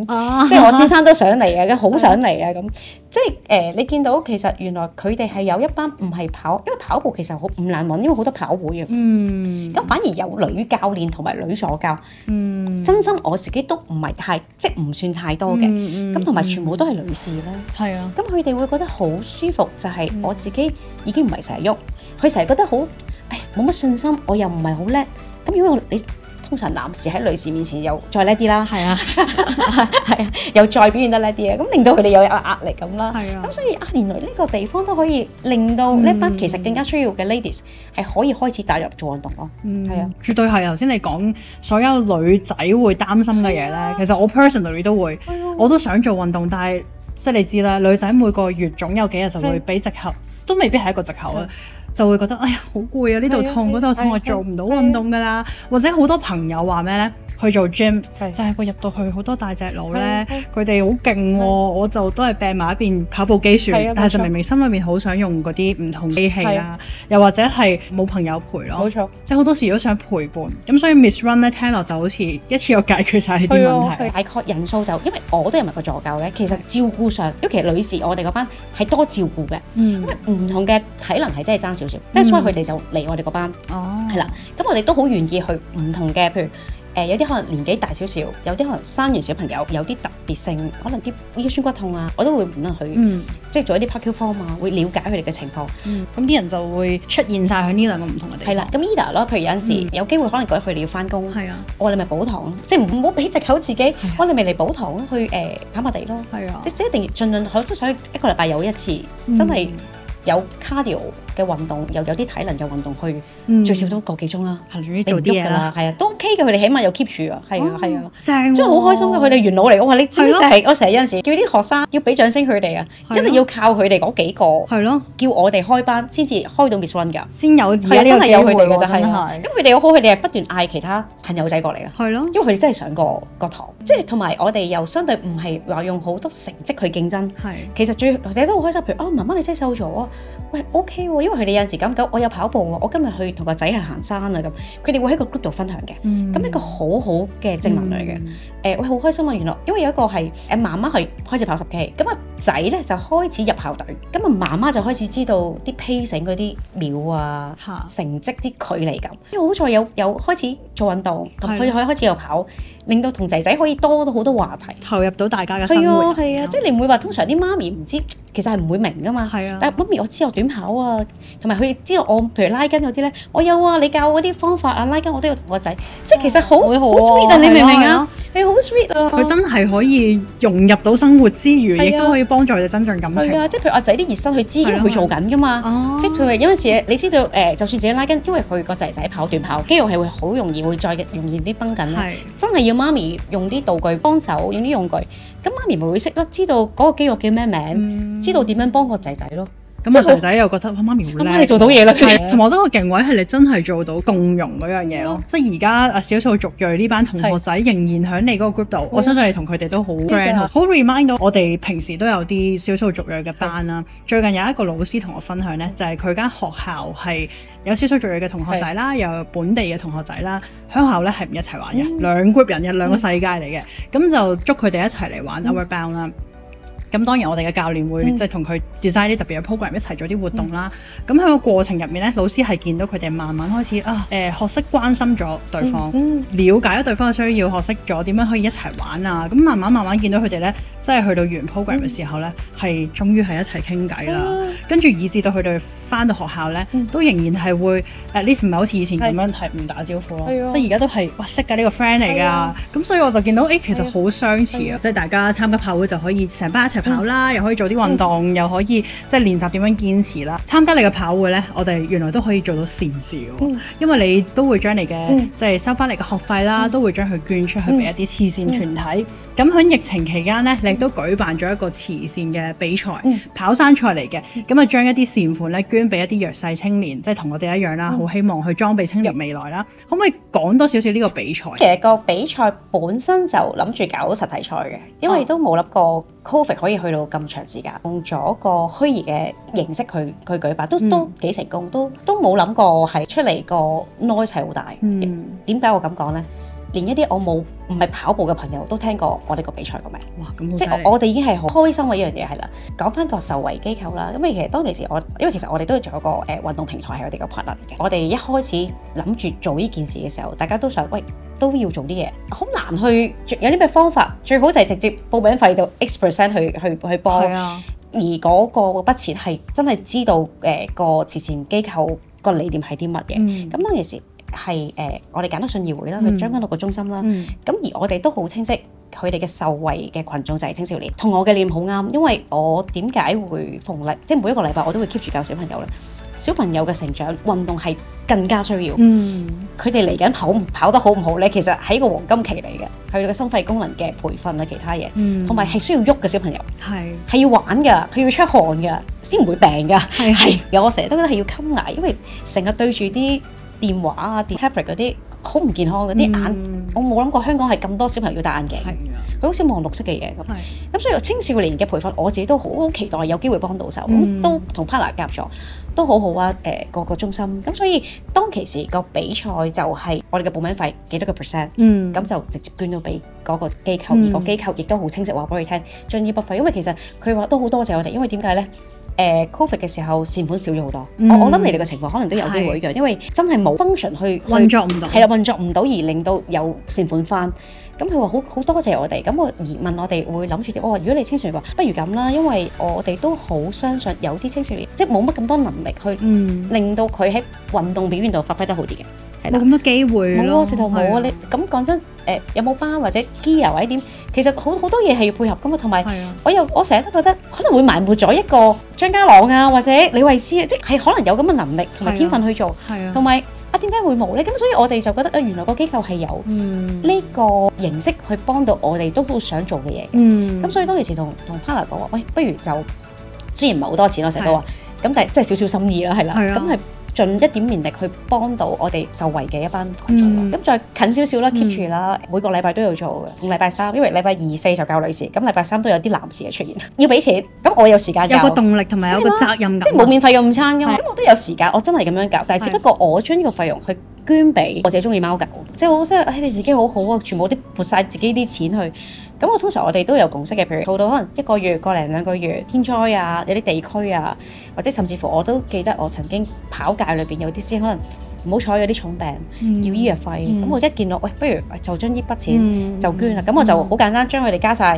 即係我先生都想嚟啊，佢好想嚟啊咁。即係誒，你見到其實原來佢哋係有一班唔係跑，因為跑步其實好唔難搵，因為好多跑會啊。嗯。咁反而有女教練同埋女助教。嗯。真心我自己都唔係太，即係唔算太多嘅。嗯嗯。咁同埋全部都係女士啦。係啊。咁佢哋會覺得好舒服，就係我自己已經唔係成日喐，佢成日覺得好。冇乜信心，我又唔係好叻。咁如果你通常男士喺女士面前又再叻啲啦，係啊，係啊，又再表現得叻啲啊，咁令到佢哋又有壓力咁啦。係啊，咁所以啊，原來呢個地方都可以令到呢班其實更加需要嘅 ladies 係可以開始踏入做運動咯。嗯，係啊，絕對係頭先你講所有女仔會擔心嘅嘢咧，其實我 personally 都會，我都想做運動，但係即係你知啦，女仔每個月總有幾日就會俾借口，都未必係一個借口啊。就會覺得哎呀好攰啊！呢度痛嗰度、啊、痛，我、啊、做唔到運動㗎喇，啊啊、或者好多朋友話咩呢？去做 gym，就係會入到去好多大隻佬咧，佢哋好勁，我就都係匿埋一邊跑步機算，但係就明明心裏面好想用嗰啲唔同機器啊，又或者係冇朋友陪咯，冇錯，即係好多時都想陪伴。咁所以 Miss Run 咧聽落就好似一次又解決曬啲問題。大概人數就因為我都有咪個助教咧，其實照顧上，尤其女士我哋嗰班係多照顧嘅，因為唔同嘅體能係真係爭少少，即係所以佢哋就嚟我哋嗰班哦，係啦。咁我哋都好願意去唔同嘅，譬如。誒、呃、有啲可能年紀大少少，有啲可能生完小朋友，有啲特別性，可能啲腰酸骨痛啊，我都會得去，嗯、即係做一啲 PAR-Q form 嘛，會了解佢哋嘅情況。咁啲、嗯、人就會出現晒佢呢兩個唔同嘅地方。係啦，咁 e d a 咯，譬如有陣時有機會可能覺得佢哋要翻工，嗯、我哋咪補堂咯，即係唔好俾藉口自己，嗯、我哋咪嚟補堂去誒、呃、跑馬地咯。係啊的，即一定盡量，即真想一個禮拜有一次真係有 cardio。嘅運動又有啲體能嘅運動，去最少都個幾鐘啦，你喐噶啦，係啊，都 OK 嘅。佢哋起碼有 keep 住啊，係啊，係啊，正真係好開心嘅。佢哋元老嚟，我話你知就係我成日有陣時叫啲學生要俾掌聲佢哋啊，真係要靠佢哋嗰幾個係咯，叫我哋開班先至開到 miss one 噶，先有，係啊，真係有佢哋噶就係。咁佢哋好，佢哋係不斷嗌其他朋友仔過嚟啊，係咯，因為佢哋真係上過個堂，即係同埋我哋又相對唔係話用好多成績去競爭係，其實最佢哋都好開心，譬如哦，媽媽你真係瘦咗啊喂。O K 喎，因為佢哋有陣時咁咁，我有跑步喎，我今日去同個仔去行山啦咁，佢哋會喺個 group 度分享嘅，咁、嗯、一個好好嘅正能量嘅。誒、嗯，我好、欸欸、開心啊，原來因為有一個係誒媽媽係開始跑十 K，咁啊仔咧就開始入校隊，咁啊媽媽就開始知道啲比賽嗰啲秒啊的成績啲距離咁，因為好在有有開始做運動，同佢可以開始又跑。令到同仔仔可以多咗好多話題，投入到大家嘅生活。係啊，即係你唔會話通常啲媽咪唔知，其實係唔會明噶嘛。係啊，但係媽咪我知我短跑啊，同埋佢知道我譬如拉筋嗰啲咧，我有啊。你教我啲方法啊，拉筋我都要同個仔。即係其實好好 sweet 啊，你明唔明啊？係好 sweet 咯，佢真係可以融入到生活之餘，亦都可以幫助你增進感情。係啊，即係譬如阿仔啲熱身佢知，因為佢做緊㗎嘛。哦。即係佢有陣時你知道誒，就算自己拉筋，因為佢個仔仔跑短跑，肌肉係會好容易會再容易啲繃緊啦。係。真係要。媽咪用啲道具幫手，用啲用具，咁媽咪咪會識咯，知道嗰個肌肉叫咩名，嗯、知道點樣幫個仔仔咯。咁啊，仔仔又覺得媽咪好叻，你做到嘢啦，同埋我覺得個勁位係你真係做到共融嗰樣嘢咯。即係而家啊，少數族裔呢班同學仔仍然喺你嗰個 group 度，我相信你同佢哋都好 friend，好 remind 到我哋平時都有啲少數族裔嘅班啦。最近有一個老師同我分享呢，就係佢間學校係有少數族裔嘅同學仔啦，有本地嘅同學仔啦，喺學校呢係唔一齊玩嘅，兩 group 人嘅兩個世界嚟嘅，咁就捉佢哋一齊嚟玩 Outward Bound 啦。咁當然我哋嘅教練會即係同佢 design 啲特別嘅 program 一齊做啲活動啦。咁喺個過程入面咧，老師係見到佢哋慢慢開始啊，誒學識關心咗對方，了解咗對方嘅需要，學識咗點樣可以一齊玩啊。咁慢慢慢慢見到佢哋咧，即係去到完 program 嘅時候咧，係終於係一齊傾偈啦。跟住以至到佢哋返到學校咧，都仍然係會 at least 唔係好似以前咁樣係唔打招呼咯。即係而家都係哇識㗎呢個 friend 嚟㗎。咁所以我就見到誒其實好相似啊，即係大家參加跑會就可以成班一齊。跑啦，又可以做啲運動，又可以即係練習點樣堅持啦。參加你嘅跑會呢，我哋原來都可以做到善事喎，因為你都會將你嘅即係收翻嚟嘅學費啦，都會將佢捐出去俾一啲慈善團體。咁喺疫情期間呢，你亦都舉辦咗一個慈善嘅比賽，跑山賽嚟嘅。咁啊，將一啲善款咧捐俾一啲弱勢青年，即係同我哋一樣啦，好希望去裝備青年未來啦。可唔可以講多少少呢個比賽？其實個比賽本身就諗住搞實體賽嘅，因為都冇諗過。Covid 可以去到咁長時間，用咗個虛擬嘅形式去去舉辦，都都幾成功，都都冇諗過係出嚟個 noise 好大。點解、嗯、我咁講咧？連一啲我冇唔係跑步嘅朋友都聽過我呢個比賽個名，哇！咁即係我哋已經係好開心嘅一樣嘢，係啦。講翻個受惠機構啦，咁其實當其時我，我因為其實我哋都要做一個誒、呃、運動平台係我哋個 partner 嚟嘅。我哋一開始諗住做呢件事嘅時候，大家都想喂，都要做啲嘢，好難去有啲咩方法，最好就係直接報名費到 X percent 去去去幫。啊、而嗰個筆錢係真係知道誒、呃、個慈善機構個理念係啲乜嘢。咁、嗯、當其時。係誒、呃，我哋揀到信義會啦，佢將軍六個中心啦。咁、嗯嗯、而我哋都好清晰，佢哋嘅受惠嘅群眾就係青少年，同我嘅理念好啱。因為我點解會逢禮，即係每一個禮拜我都會 keep 住教小朋友咧。小朋友嘅成長運動係更加需要。嗯，佢哋嚟緊跑跑得好唔好咧？其實係一個黃金期嚟嘅，佢哋嘅心肺功能嘅培訓啊，其他嘢，同埋係需要喐嘅小朋友，係係是是要玩噶，佢要出汗噶，先唔會病噶，係係是。有我成日都覺得係要襟挨，因為成日對住啲，電話啊，電嗰啲好唔健康嗰啲眼，嗯、我冇諗過香港係咁多小朋友要戴眼鏡，佢、啊、好似望綠色嘅嘢咁，咁、啊、所以青少年嘅培訓我自己都好期待有機會幫到手，咁、嗯、都同 partner 夾咗，都好好啊誒個、呃、個中心，咁所以當其時個比賽就係我哋嘅報名費幾多個 percent，咁就直接捐咗俾嗰個機構，嗯、而個機構亦都好清晰話俾佢聽，捐衣不費，因為其實佢話都好多謝我哋，因為點解呢？誒、呃、Covid 嘅時候，善款少咗好多。嗯、我我諗你哋嘅情況可能都有機會一樣，是因為真係冇 function 去運作唔到，係啦，運作唔到而令到有善款返。咁佢話好好多謝我哋。咁我疑問我哋會諗住點？我話如果你青少年話，不如咁啦，因為我哋都好相信有啲青少年，即係冇乜咁多能力去，嗯，令到佢喺運動表現度發揮得好啲嘅。冇咁多機會，冇啊，直頭冇啊！你咁講真，誒有冇班或者 gear 或者點？其實好好多嘢係要配合㗎嘛。同埋，我又我成日都覺得可能會埋沒咗一個張家朗啊，或者李慧詩啊，即係可能有咁嘅能力同埋天分去做，同埋啊點解會冇咧？咁所以我哋就覺得誒，原來個機構係有呢個形式去幫到我哋都好想做嘅嘢嘅。咁所以當其時同同 partner 講話，喂，不如就雖然唔係好多錢咯，成日都話，咁但係即係少少心意啦，係啦，咁係。盡一點綿力去幫到我哋受惠嘅一班群眾，咁、嗯、再近少少啦，keep 住啦。嗯、每個禮拜都要做嘅，禮拜三，因為禮拜二四就教女士，咁禮拜三都有啲男士嘅出現。要俾錢，咁我有時間有個動力同埋有個責任，即係冇免費嘅午餐㗎嘛。咁是我都有時間，我真係咁樣教，但係只不過我將呢個費用去捐俾我自己中意貓狗，即係我覺得，好、哎、似自己好好啊，全部都撥晒自己啲錢去。咁我通常我哋都有共識嘅，譬如遇到可能一個月、過零兩個月天災啊，有啲地區啊，或者甚至乎我都記得我曾經跑界裏邊有啲先可能唔好彩有啲重病，嗯、要醫藥費。咁、嗯、我一見到，喂、哎，不如就將呢筆錢就捐啦。咁、嗯、我就好簡單將佢哋加晒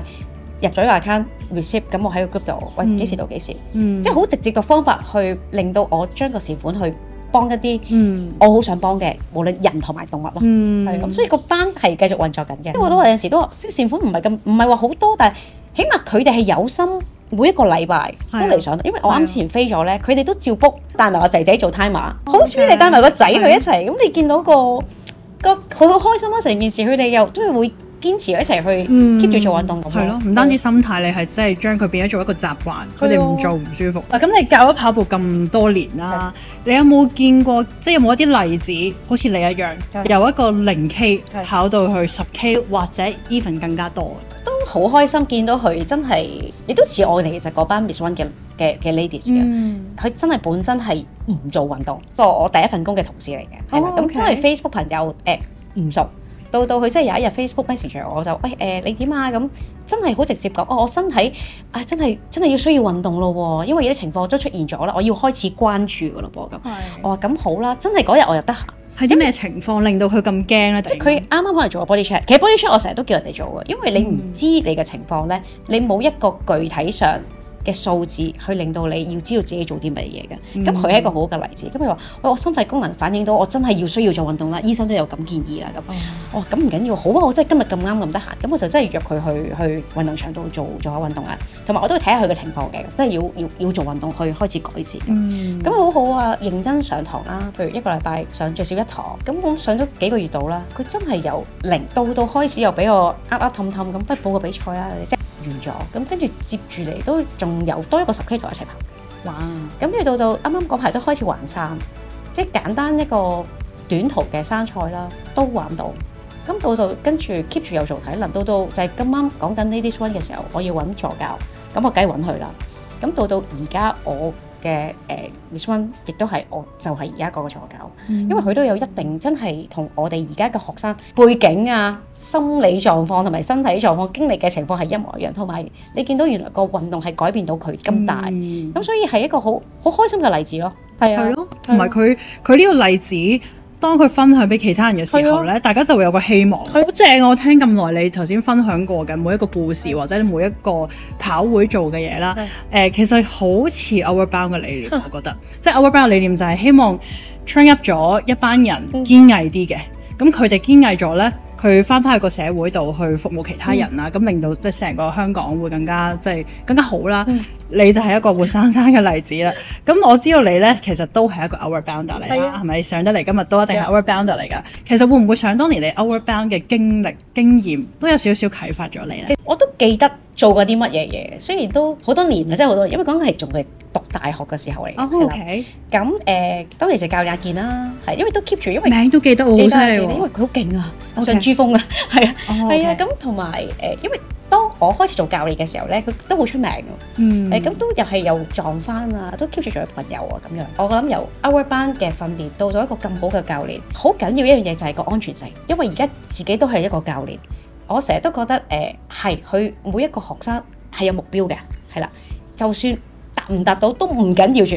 入咗個 account receive 個。咁我喺個 group 度，喂，幾時到幾時？嗯嗯、即係好直接嘅方法去令到我將個善款去。幫一啲，我好想幫嘅，嗯、無論人同埋動物咯，係咁、嗯，所以個班係繼續運作緊嘅。嗯、我都有陣時都，即善款唔係咁，唔係話好多，但係起碼佢哋係有心，每一個禮拜都嚟上。因為我啱之前飛咗咧，佢哋、啊、都照 book，但係我仔仔做 timer、啊、好似 w 你帶埋個仔去一齊，咁、啊、你見到個個好好開心一成件事，佢哋又都係會。堅持一齊去 keep 住做運動咁係咯，唔單止心態，你係真係將佢變咗做一個習慣。佢哋唔做唔舒服。嗱，咁你教咗跑步咁多年啦，你有冇見過即係有冇一啲例子，好似你一樣由一個零 K 跑到去十 K 或者 even 更加多，都好開心見到佢真係。亦都似我哋其實嗰班 Miss Run 嘅嘅嘅 ladies 嘅，佢真係本身係唔做運動。不過我第一份工嘅同事嚟嘅，係咪？咁真係 Facebook 朋友誒唔熟。到到佢即係有一日 Facebook message 我就，就誒誒你點啊咁，真係好直接講，哦我身體啊真係真係要需要運動咯，因為有啲情況都出現咗啦，我要開始關注噶啦咁。的我話咁好啦，真係嗰日我入得閒。係啲咩情況你令到佢咁驚咧？即係佢啱啱可能做個 body check，其實 body check 我成日都叫人哋做嘅，因為你唔知你嘅情況咧，嗯、你冇一個具體上。嘅數字去令到你要知道自己做啲乜嘢嘅，咁佢係一個好嘅例子。咁佢話：喂，我心肺功能反映到我真係要需要做運動啦，醫生都有咁建議啦。咁，我話：哦，咁唔緊要，好啊！我真係今日咁啱咁得閒，咁我就真係約佢去去運動場度做做下運動啦。同埋我都會睇下佢嘅情況嘅，真係要要做運動去開始改善。咁好好啊，認真上堂啦，譬如一個禮拜上最少一堂。咁我上咗幾個月度啦，佢真係由零到到開始又俾我噏噏氹氹咁，不如報個比賽啦！完咗，咁跟住接住嚟都仲有多一個十 K 同我一齊跑。嗱、啊，咁跟住到到啱啱嗰排都開始玩山，即係簡單一個短途嘅山賽啦，都玩到。咁到到跟住 keep 住又做體能，到到就係今晚講緊呢啲 one 嘅時候，我要揾助教，咁我梗係揾佢啦。咁到到而家我。嘅誒 Miss One 亦都係我，就係而家嗰個助教，因為佢都有一定真係同我哋而家嘅學生背景啊、心理狀況同埋身體狀況經歷嘅情況係一模一樣，同埋你見到原來個運動係改變到佢咁大，咁、嗯嗯、所以係一個好好開心嘅例子咯，係啊，同埋佢佢呢個例子。當佢分享俾其他人嘅時候咧，的大家就會有個希望。好正的我聽咁耐，你頭先分享過嘅每一個故事或者每一個跑會做嘅嘢啦，誒的、呃，其實好似 Outward Bound 嘅理念，的我覺得，即係 Outward Bound 嘅理念就係希望 train up 咗一班人堅的毅啲嘅，咁佢哋堅毅咗呢。佢翻返去個社會度去服務其他人啦，咁、嗯、令到即係成個香港會更加即係更加好啦。嗯、你就係一個活生生嘅例子啦。咁 我知道你呢，其實都係一個 overbounder 嚟啦的，係咪上得嚟今日都一定係 overbounder 嚟㗎？的其實會唔會想當年你 overbound 嘅經歷經驗都有少少啟發咗你呢？我都記得做過啲乜嘢嘢，雖然都好多年啦，即係好多，年，因為講緊係仲係。讀大學嘅時候嚟，OK 咁誒，當其實教阿健啦，係因為都 keep 住，因為名都記得，好犀利喎。因為佢好勁啊，上珠峰啊，係啊，係啊。咁同埋誒，因為當我開始做教練嘅時候咧，佢都好出名，嗯誒，咁都又係又撞翻啊，都 keep 住做朋友啊，咁樣我諗由 our 班嘅訓練到咗一個咁好嘅教練，好緊要一樣嘢就係個安全性，因為而家自己都係一個教練，我成日都覺得誒係佢每一個學生係有目標嘅，係啦，就算。唔達到都唔緊要住，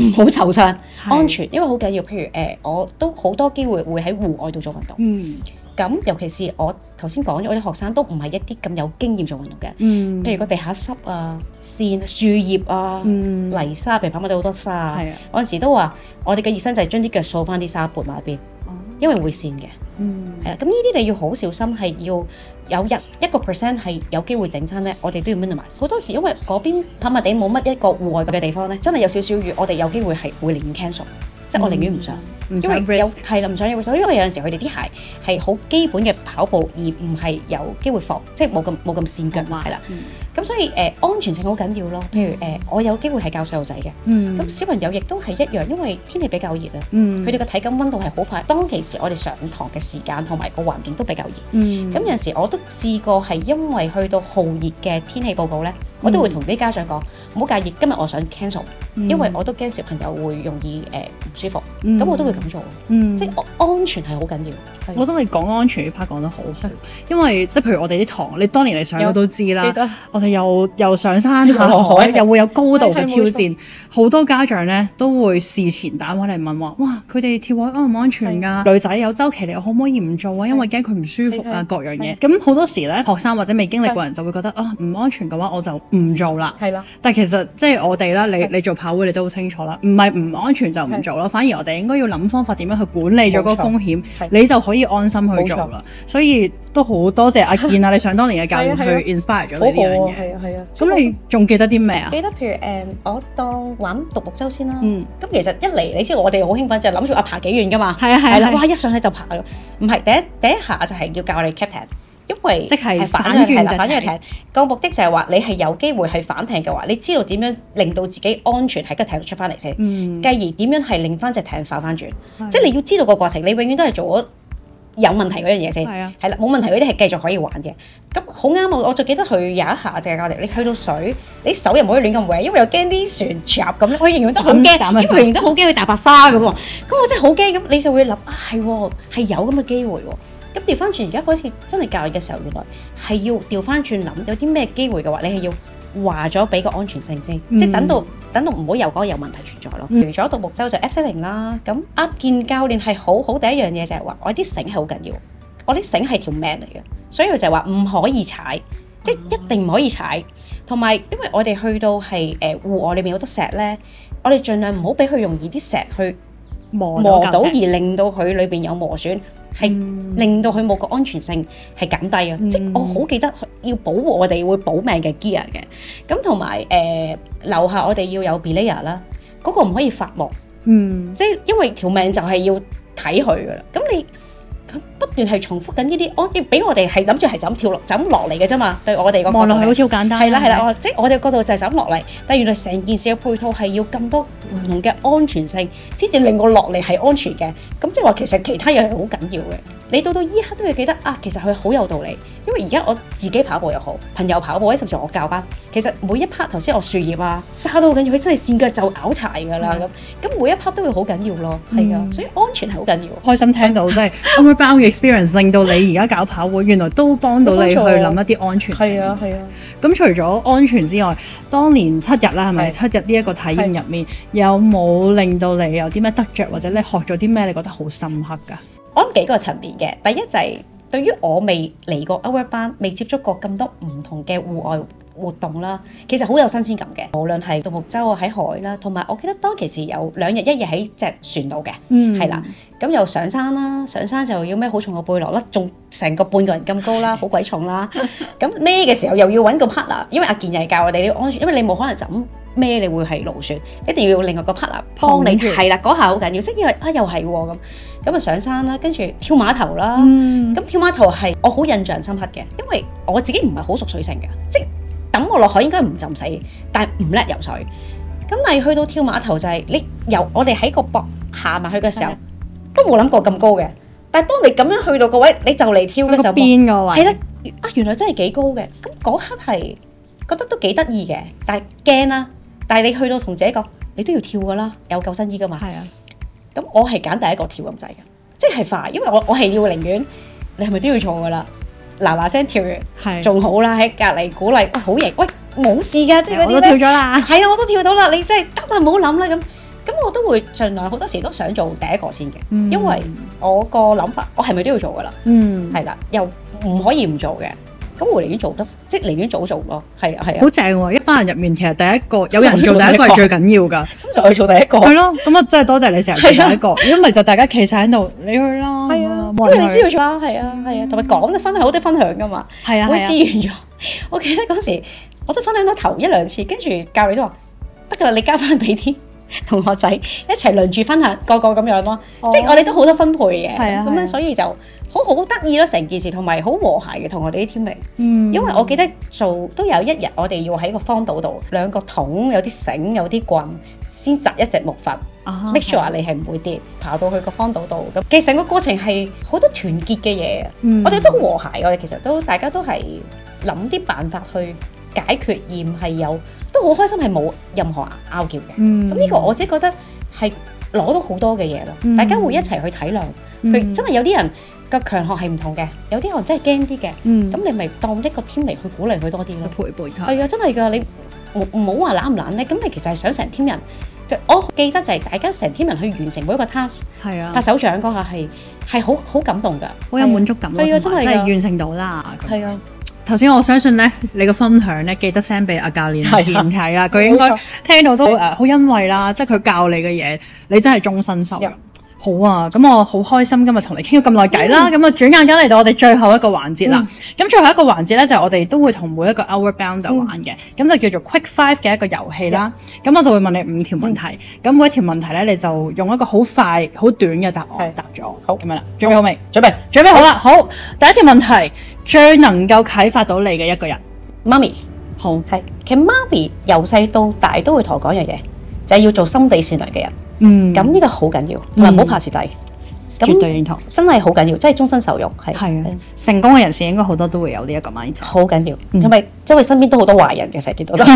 唔好 惆悵怨， 是安全，因為好緊要。譬如誒、呃，我都好多機會會喺戶外度做運動。嗯，咁尤其是我頭先講咗，我啲學生都唔係一啲咁有經驗做運動嘅。嗯，譬如個地下濕啊，跣樹葉啊，嗯、泥沙，譬如跑到好多沙，啊、我有時都話我哋嘅熱身就係將啲腳掃翻啲沙撥埋一邊，因為會跣嘅。嗯，係啦，咁呢啲你要好小心，係要有一一個 percent 係有機會整親咧，我哋都要 minimize。好多時因為嗰邊坦白地冇乜一個戶外嘅地方咧，真係有少少雨，我哋有機會係會寧願 cancel、嗯、即係我寧願唔上。因為有係啦，唔想有因為有陣時佢哋啲鞋係好基本嘅跑步而唔係有機會放，即係冇咁冇咁跣腳係啦。咁所以誒、呃、安全性好緊要咯。譬如誒我有機會係教細路仔嘅，咁、嗯、小朋友亦都係一樣，因為天氣比較熱啊。佢哋個體感溫度係好快。當其時我哋上堂嘅時間同埋個環境都比較熱。咁、嗯、有陣時我都試過係因為去到酷熱嘅天氣報告咧，嗯、我都會同啲家長講唔好介意，今日我想 cancel，因為我都驚小朋友會容易誒唔舒服。咁、呃、我都會。咁做，嗯，即係安全係好緊要。我覺得你講安全呢 part 講得好，因為即係譬如我哋啲堂，你當年你上，我都知啦。我哋又又上山、下海，又會有高度嘅挑戰。好多家長咧都會事前打電話嚟問話，哇，佢哋跳海安唔安全啊？女仔有周期嚟，可唔可以唔做啊？因為驚佢唔舒服啊，各樣嘢。咁好多時咧，學生或者未經歷過人就會覺得啊，唔安全嘅話我就唔做啦。係啦，但係其實即係我哋啦，你你做跑會你都好清楚啦，唔係唔安全就唔做咯，反而我哋應該要諗。方法點樣去管理咗嗰個風險，錯你就可以安心去做啦。錯所以都好多謝阿健啊，的你上當年嘅教練去 inspire 咗呢樣嘢。係啊，咁你仲記得啲咩啊？記得譬如誒、嗯，我當玩獨木舟先啦。嗯，咁其實一嚟你知道我哋好興奮，就諗住啊爬幾遠㗎嘛。係啊係啊，哇！一上去就爬，唔係第一第一下就係要教你 captain。因為即係反轉艇，反艇個目的就係話你係有機會係反艇嘅話，你知道點樣令到自己安全喺個艇度出翻嚟先。嗯，繼而點樣係令翻隻艇反翻轉？即係你要知道個過程。你永遠都係做咗有問題嗰樣嘢先。係啊，係啦，冇問題嗰啲係繼續可以玩嘅。咁好啱啊！我就記得佢有一下隻膠艇。你去到水，你手又唔可以亂咁揾，因為又驚啲船鴨咁。我永遠都好驚，因為永遠都好驚去大白沙咁。咁我真係好驚。咁你就會諗啊，係喎，係有咁嘅機會喎。咁調翻轉，而家好似真係教嘅時候，原來係要調翻轉諗，有啲咩機會嘅話，你係要話咗俾個安全性先，嗯、即係等到等到唔好有講、嗰個、有問題存在咯。嗯、除咗獨木舟就 abseiling 啦，咁阿、啊、健教練係好好第一樣嘢就係話，我啲繩係好緊要，我啲繩係條命嚟嘅，所以就係話唔可以踩，即係一定唔可以踩。同埋因為我哋去到係誒戶外裏面有啲石咧，我哋盡量唔好俾佢容易啲石去磨到磨到，而令到佢裏邊有磨損。係令到佢冇個安全性係減低啊！嗯、即係我好記得要保護我哋會保命嘅 gear 嘅，咁同埋誒樓下我哋要有 belayer 啦，嗰個唔可以發夢，嗯，即係因為條命就係要睇佢㗎啦。咁你咁。不斷係重複緊呢啲安，俾我哋係諗住係就咁跳落，就咁落嚟嘅啫嘛。對我哋個望落嚟好超簡單，係啦，係啦，即係我哋個角度就係咁落嚟，但係原來成件事嘅配套係要咁多唔同嘅安全性先至令我落嚟係安全嘅。咁即係話其實其他嘢係好緊要嘅。你到到依刻都要記得啊，其實佢好有道理。因為而家我自己跑步又好，朋友跑步甚至我教班，其實每一 part 頭先我樹葉啊沙都好緊要，佢真係跣腳就拗柴㗎啦咁。咁、嗯、每一 part 都會好緊要咯，係啊，所以安全係好緊要。開心聽到真係，我會包 Experience 令到你而家搞跑會，原來都幫到你去諗一啲安全。係啊係啊。咁、啊、除咗安全之外，當年七日啦係咪？是是七日呢一個體驗入是面，有冇令到你有啲咩得着？或者你學咗啲咩？你覺得好深刻噶？我諗 幾個層面嘅，第一就係、是、對於我未嚟過 OB 班，未接觸過咁多唔同嘅戶外活動啦，其實好有新鮮感嘅。無論係獨木舟啊、喺海啦，同埋我記得當其時有兩日一夜喺隻船度嘅，係、嗯、啦。咁又上山啦，上山就要孭好重嘅背囊啦，仲成個半個人咁高啦，好鬼是的 重啦。咁孭嘅時候又要揾個 partner，因為阿健又係教我哋啲安全，因為你冇可能就咁孭你會係勞損，一定要另外個 partner 幫你。係、嗯、啦，嗰下好緊要。即係因為啊，又係喎咁，咁啊上山啦，跟住跳碼頭啦。咁、嗯、跳碼頭係我好印象深刻嘅，因為我自己唔係好熟水性嘅，即，即抌我落海應該唔浸死，但係唔叻游水。咁但係去到跳碼頭就係你游，我哋喺個膊下埋去嘅時候，都冇諗過咁高嘅。但係當你咁樣去到個位，你就嚟跳咧就邊個位？其實啊，原來真係幾高嘅。咁嗰刻係覺得都幾得意嘅，但係驚啦。但係你去到同自己講，你都要跳噶啦，有救生衣噶嘛。係啊。咁我係揀第一個跳咁滯嘅，即係快，因為我我係要寧願你係咪都要坐噶啦？嗱嗱聲跳，仲好啦！喺隔離鼓勵，喂、哎、好型，喂，冇事噶，即係嗰啲，係啊，我都跳到啦！你真係得啦，唔好諗啦咁，咁我都會盡量，好多時都想做第一個先嘅，嗯、因為我個諗法，我係咪都要做噶啦？嗯，係啦，又唔可以唔做嘅。咁我寧願做得，即係寧願早做咯。係啊係啊，好正喎！一班人入面其實第一個有人做第一個係最緊要㗎。咁就去做第一個。係咯，咁啊真係多謝你成日做第一個，一唔是的 就大家企曬喺度，你去啦。 咁你支援咗，係啊，係啊，同埋講都分享好多分享噶嘛，我支援咗。我記得嗰時，我都分享到頭一兩次，跟住教理都話得噶啦，你交翻俾啲同學仔一齊輪住分享，個個咁樣咯，哦、即係我哋都好多分配嘅，咁、啊啊、樣所以就好好得意咯，成件事同埋好和諧嘅，同我哋啲 teaming。嗯，因為我記得做都有一日，我哋要喺個荒島度，兩個桶有啲繩有啲棍，先紮一隻木筏，make sure 話你係唔會跌，爬到去個荒島度咁。其實個過程係好多團結嘅嘢，我哋都和諧。我哋其實都大家都係諗啲辦法去解決，而唔係有都好開心，係冇任何拗撬嘅。咁呢個我自己覺得係攞到好多嘅嘢咯。大家會一齊去體諒，譬如真係有啲人個強項係唔同嘅，有啲人真係驚啲嘅。咁你咪當一個 team 嚟去鼓勵佢多啲咯，陪伴佢。係啊，真係噶你唔唔好話懶唔懶咧。咁你其實係想成 team 人。我記得就係大家成天人去完成每一個 task，拍手掌嗰下係係好好感動噶，好有滿足感咯，啊、真係完成到啦。係啊，頭先吧、啊、我相信咧， 你個分享咧記得 send 俾阿教練睇、啊、啦，佢、啊、應該聽到都好欣慰啦，即係佢教你嘅嘢，你真係終身受好啊，咁我好開心今日同你傾咗咁耐偈啦，咁啊，轉眼間嚟到我哋最後一個環節啦，咁最後一個環節呢，就係我哋都會同每一個 Outward Bounder 玩嘅，咁就叫做 quick five 嘅一個遊戲啦，咁我就會問你五條問題，咁每一條問題呢你就用一個好快好短嘅答案答咗，好咁樣啦，準備好未？準備，準備好啦，好，第一條問題，最能夠啟發到你嘅一個人，媽咪，好係，其實媽咪由細到大都會同我講樣嘢，就係要做心地善良嘅人。嗯，咁呢個好緊要，唔係唔好怕蝕底，絕對認同，真係好緊要，真係終身受用，係係啊，成功嘅人士應該好多都會有呢一個 mindset 好緊要，因為周圍身邊都好多壞人嘅，成日見到都，即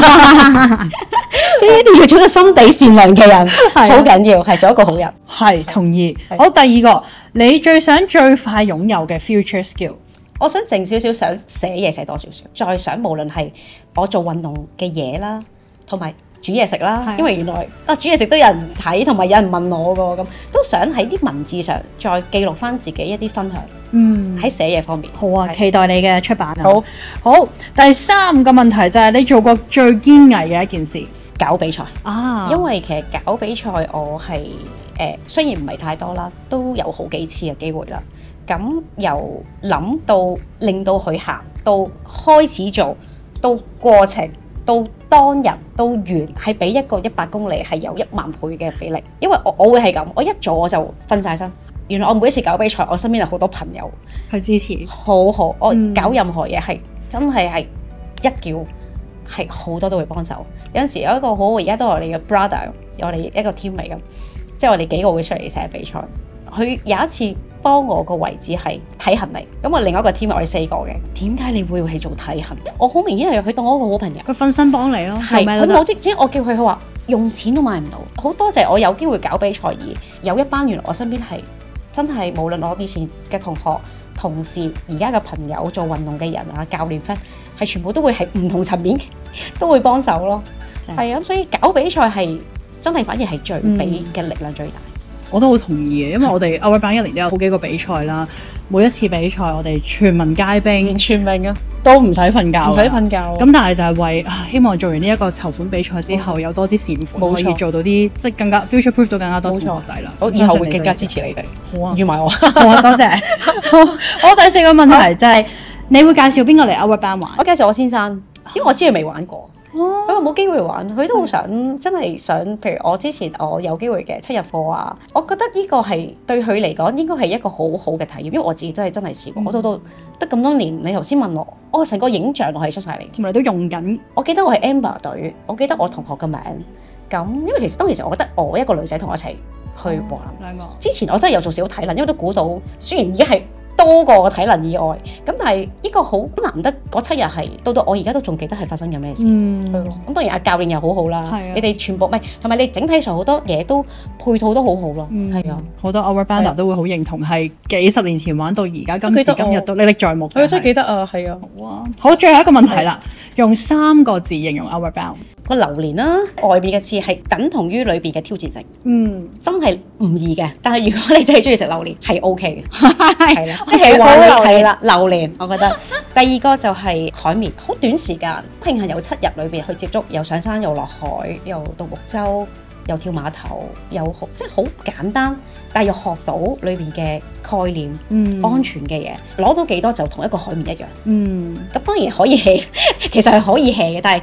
係一定要做一個心地善良嘅人，好緊要，係做一個好人，係同意。好第二個，你最想最快擁有嘅 future skill，我想靜少少，想寫嘢寫多少少，再想無論係我做運動嘅嘢啦，同埋。煮嘢食啦，的因為原來啊，煮嘢食都有人睇，同埋有人問我噶，咁，都想喺啲文字上再記錄返自己一啲分享，嗯，喺寫嘢方面。好啊，的期待你嘅出版。好，好，第三個問題就係你做過最堅毅嘅一件事，搞比賽啊！因為其實搞比賽我係誒、呃，雖然唔係太多啦，都有好幾次嘅機會啦。咁由諗到令到佢行，到開始做，到過程，到當日都完，係俾一個一百公里係有一萬倍嘅比例，因為我我會係咁，我一早我就分晒身。原來我每一次搞比賽，我身邊有好多朋友去支持，好好我搞任何嘢係、嗯、真係係一叫係好多都會幫手。有陣時有一個好，而家都係我哋嘅 brother，我哋一個 team 嚟咁，即係我哋幾個會出嚟寫比賽。佢有一次幫我個位置係體能嚟，咁啊另外一個 team 我哋四個嘅，點解你會去做體能？我好明顯係佢當我一個好朋友，佢分身幫你咯，係咪是？冇即即我叫佢，佢話用錢都買唔到，好多謝我有機會搞比賽而有一班原來我身邊係真係無論攞幾錢嘅同學、同事、而家嘅朋友做運動嘅人啊、教練 friend 係全部都會係唔同層面，都會幫手咯，係啊，所以搞比賽係真係反而係最比嘅力量最大。嗯。我都好同意嘅，因為我哋 Outward Bound 一年都有好幾個比賽啦。每一次比賽，我哋全民皆兵，全民啊，都唔使瞓覺，唔使瞓覺。咁但係就係為希望做完呢一個籌款比賽之後有多啲善款，可以做到啲即係更加 future proof 到更加多同學仔啦。我以後會更加支持你哋。好啊，要埋我。好啊，多謝。好，我第四個問題就係你會介紹邊個嚟 Outward Bound 玩？我介紹我先生，因為我之前未玩過。佢話冇機會玩，佢都好想的真係想，譬如我之前我有機會嘅七日課啊，我覺得呢個係對佢嚟講應該係一個好好嘅體驗，因為我自己真係真係試過，我、嗯、到到得咁多年，你頭先問我，我、哦、成個影像我係出晒嚟，同埋都用緊。我記得我係 Amber 隊，我記得我同學嘅名，咁因為其實當其時我覺得我一個女仔同我一齊、嗯、去玩，兩個之前我真係有做少少體能，因為都估到雖然而家係。多過體能以外，咁但係呢個好難得嗰七日係到到我而家都仲記得係發生緊咩事。嗯，咁當然阿教練又好好啦，的你哋全部唔同埋你整體上好多嘢都配套都好好咯。嗯，啊的，好多 Outward Bounder 都會好認同，係的幾十年前玩到而家今時今日都歷歷在目。佢啊，真係記得啊，係啊，哇！好，最後一個問題啦，的用三個字形容 Outward Bound 個榴蓮啦，啊，外邊嘅刺係等同於裏邊嘅挑戰性，嗯，真係唔易嘅。但係如果你真係中意食榴蓮，係 O K 嘅，即係玩嘅係啦，榴蓮。我覺得 第二個就係海綿，好短時間，平衡有七日裏邊去接觸，又上山又落海，又獨木舟，又跳碼頭，又好即係好簡單，但係又學到裏邊嘅概念，嗯，安全嘅嘢攞到幾多就同一個海綿一樣，嗯，咁當然可以 hea，其實係可以 hea 嘅，但係。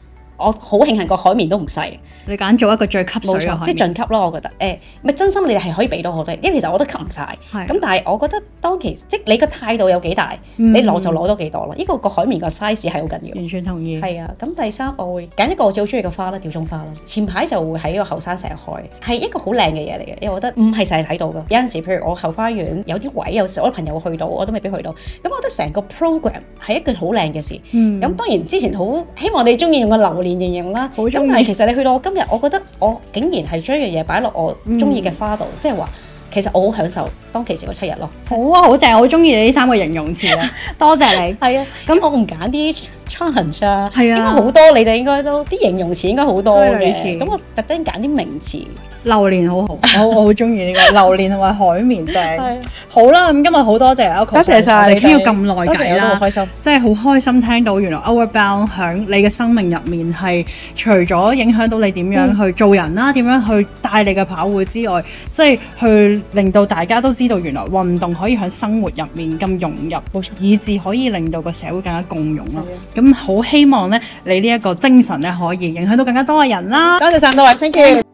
我好慶幸個海綿都唔細，你揀做一個最吸水，即係進級咯。我覺得，誒、欸，唔真心，你哋係可以俾到我好多，因為其實我都吸唔晒。咁的但係我覺得當其時即你個態度有幾大，嗯、你攞就攞多幾多咯。依、這個個海綿個 size 係好緊要。完全同意。係啊，咁第三我會揀一個我最中意嘅花啦，吊鐘花咯。前排就會喺個後山成日開，係一個好靚嘅嘢嚟嘅。因為我覺得唔係成日睇到嘅，有陣時譬如我後花園有啲位，有，位有時我啲朋友去到，我都未必去到。咁我覺得成個 program 係一件好靚嘅事。咁、嗯、當然之前好希望你中意用個榴蓮。形容啦，咁但係其實你去到我今日，我覺得我竟然係將一樣嘢擺落我中意嘅花度，即係話。其實我好享受當其時嗰七日咯，好啊，好正，好中意你呢三個形容詞啊，多謝你。係啊，咁我唔揀啲 challenge 啊，因為好多你哋應該都啲形容詞應該好多嘅，咁我特登揀啲名詞。榴蓮好好，我我好中意呢個榴蓮同埋海綿，真係好啦。咁今日好多謝啊，多謝晒，你傾咗咁耐偈啦，真係好開心。即係好開心聽到原來 Outward Bound 響你嘅生命入面係除咗影響到你點樣去做人啦，點樣去帶你嘅跑會之外，即係去。令到大家都知道，原來運動可以喺生活入面咁融入，以致可以令到個社會更加共融啦。咁好的希望咧，你呢一個精神咧，可以影響到更加多嘅人啦。多謝晒各位，thank you。謝謝。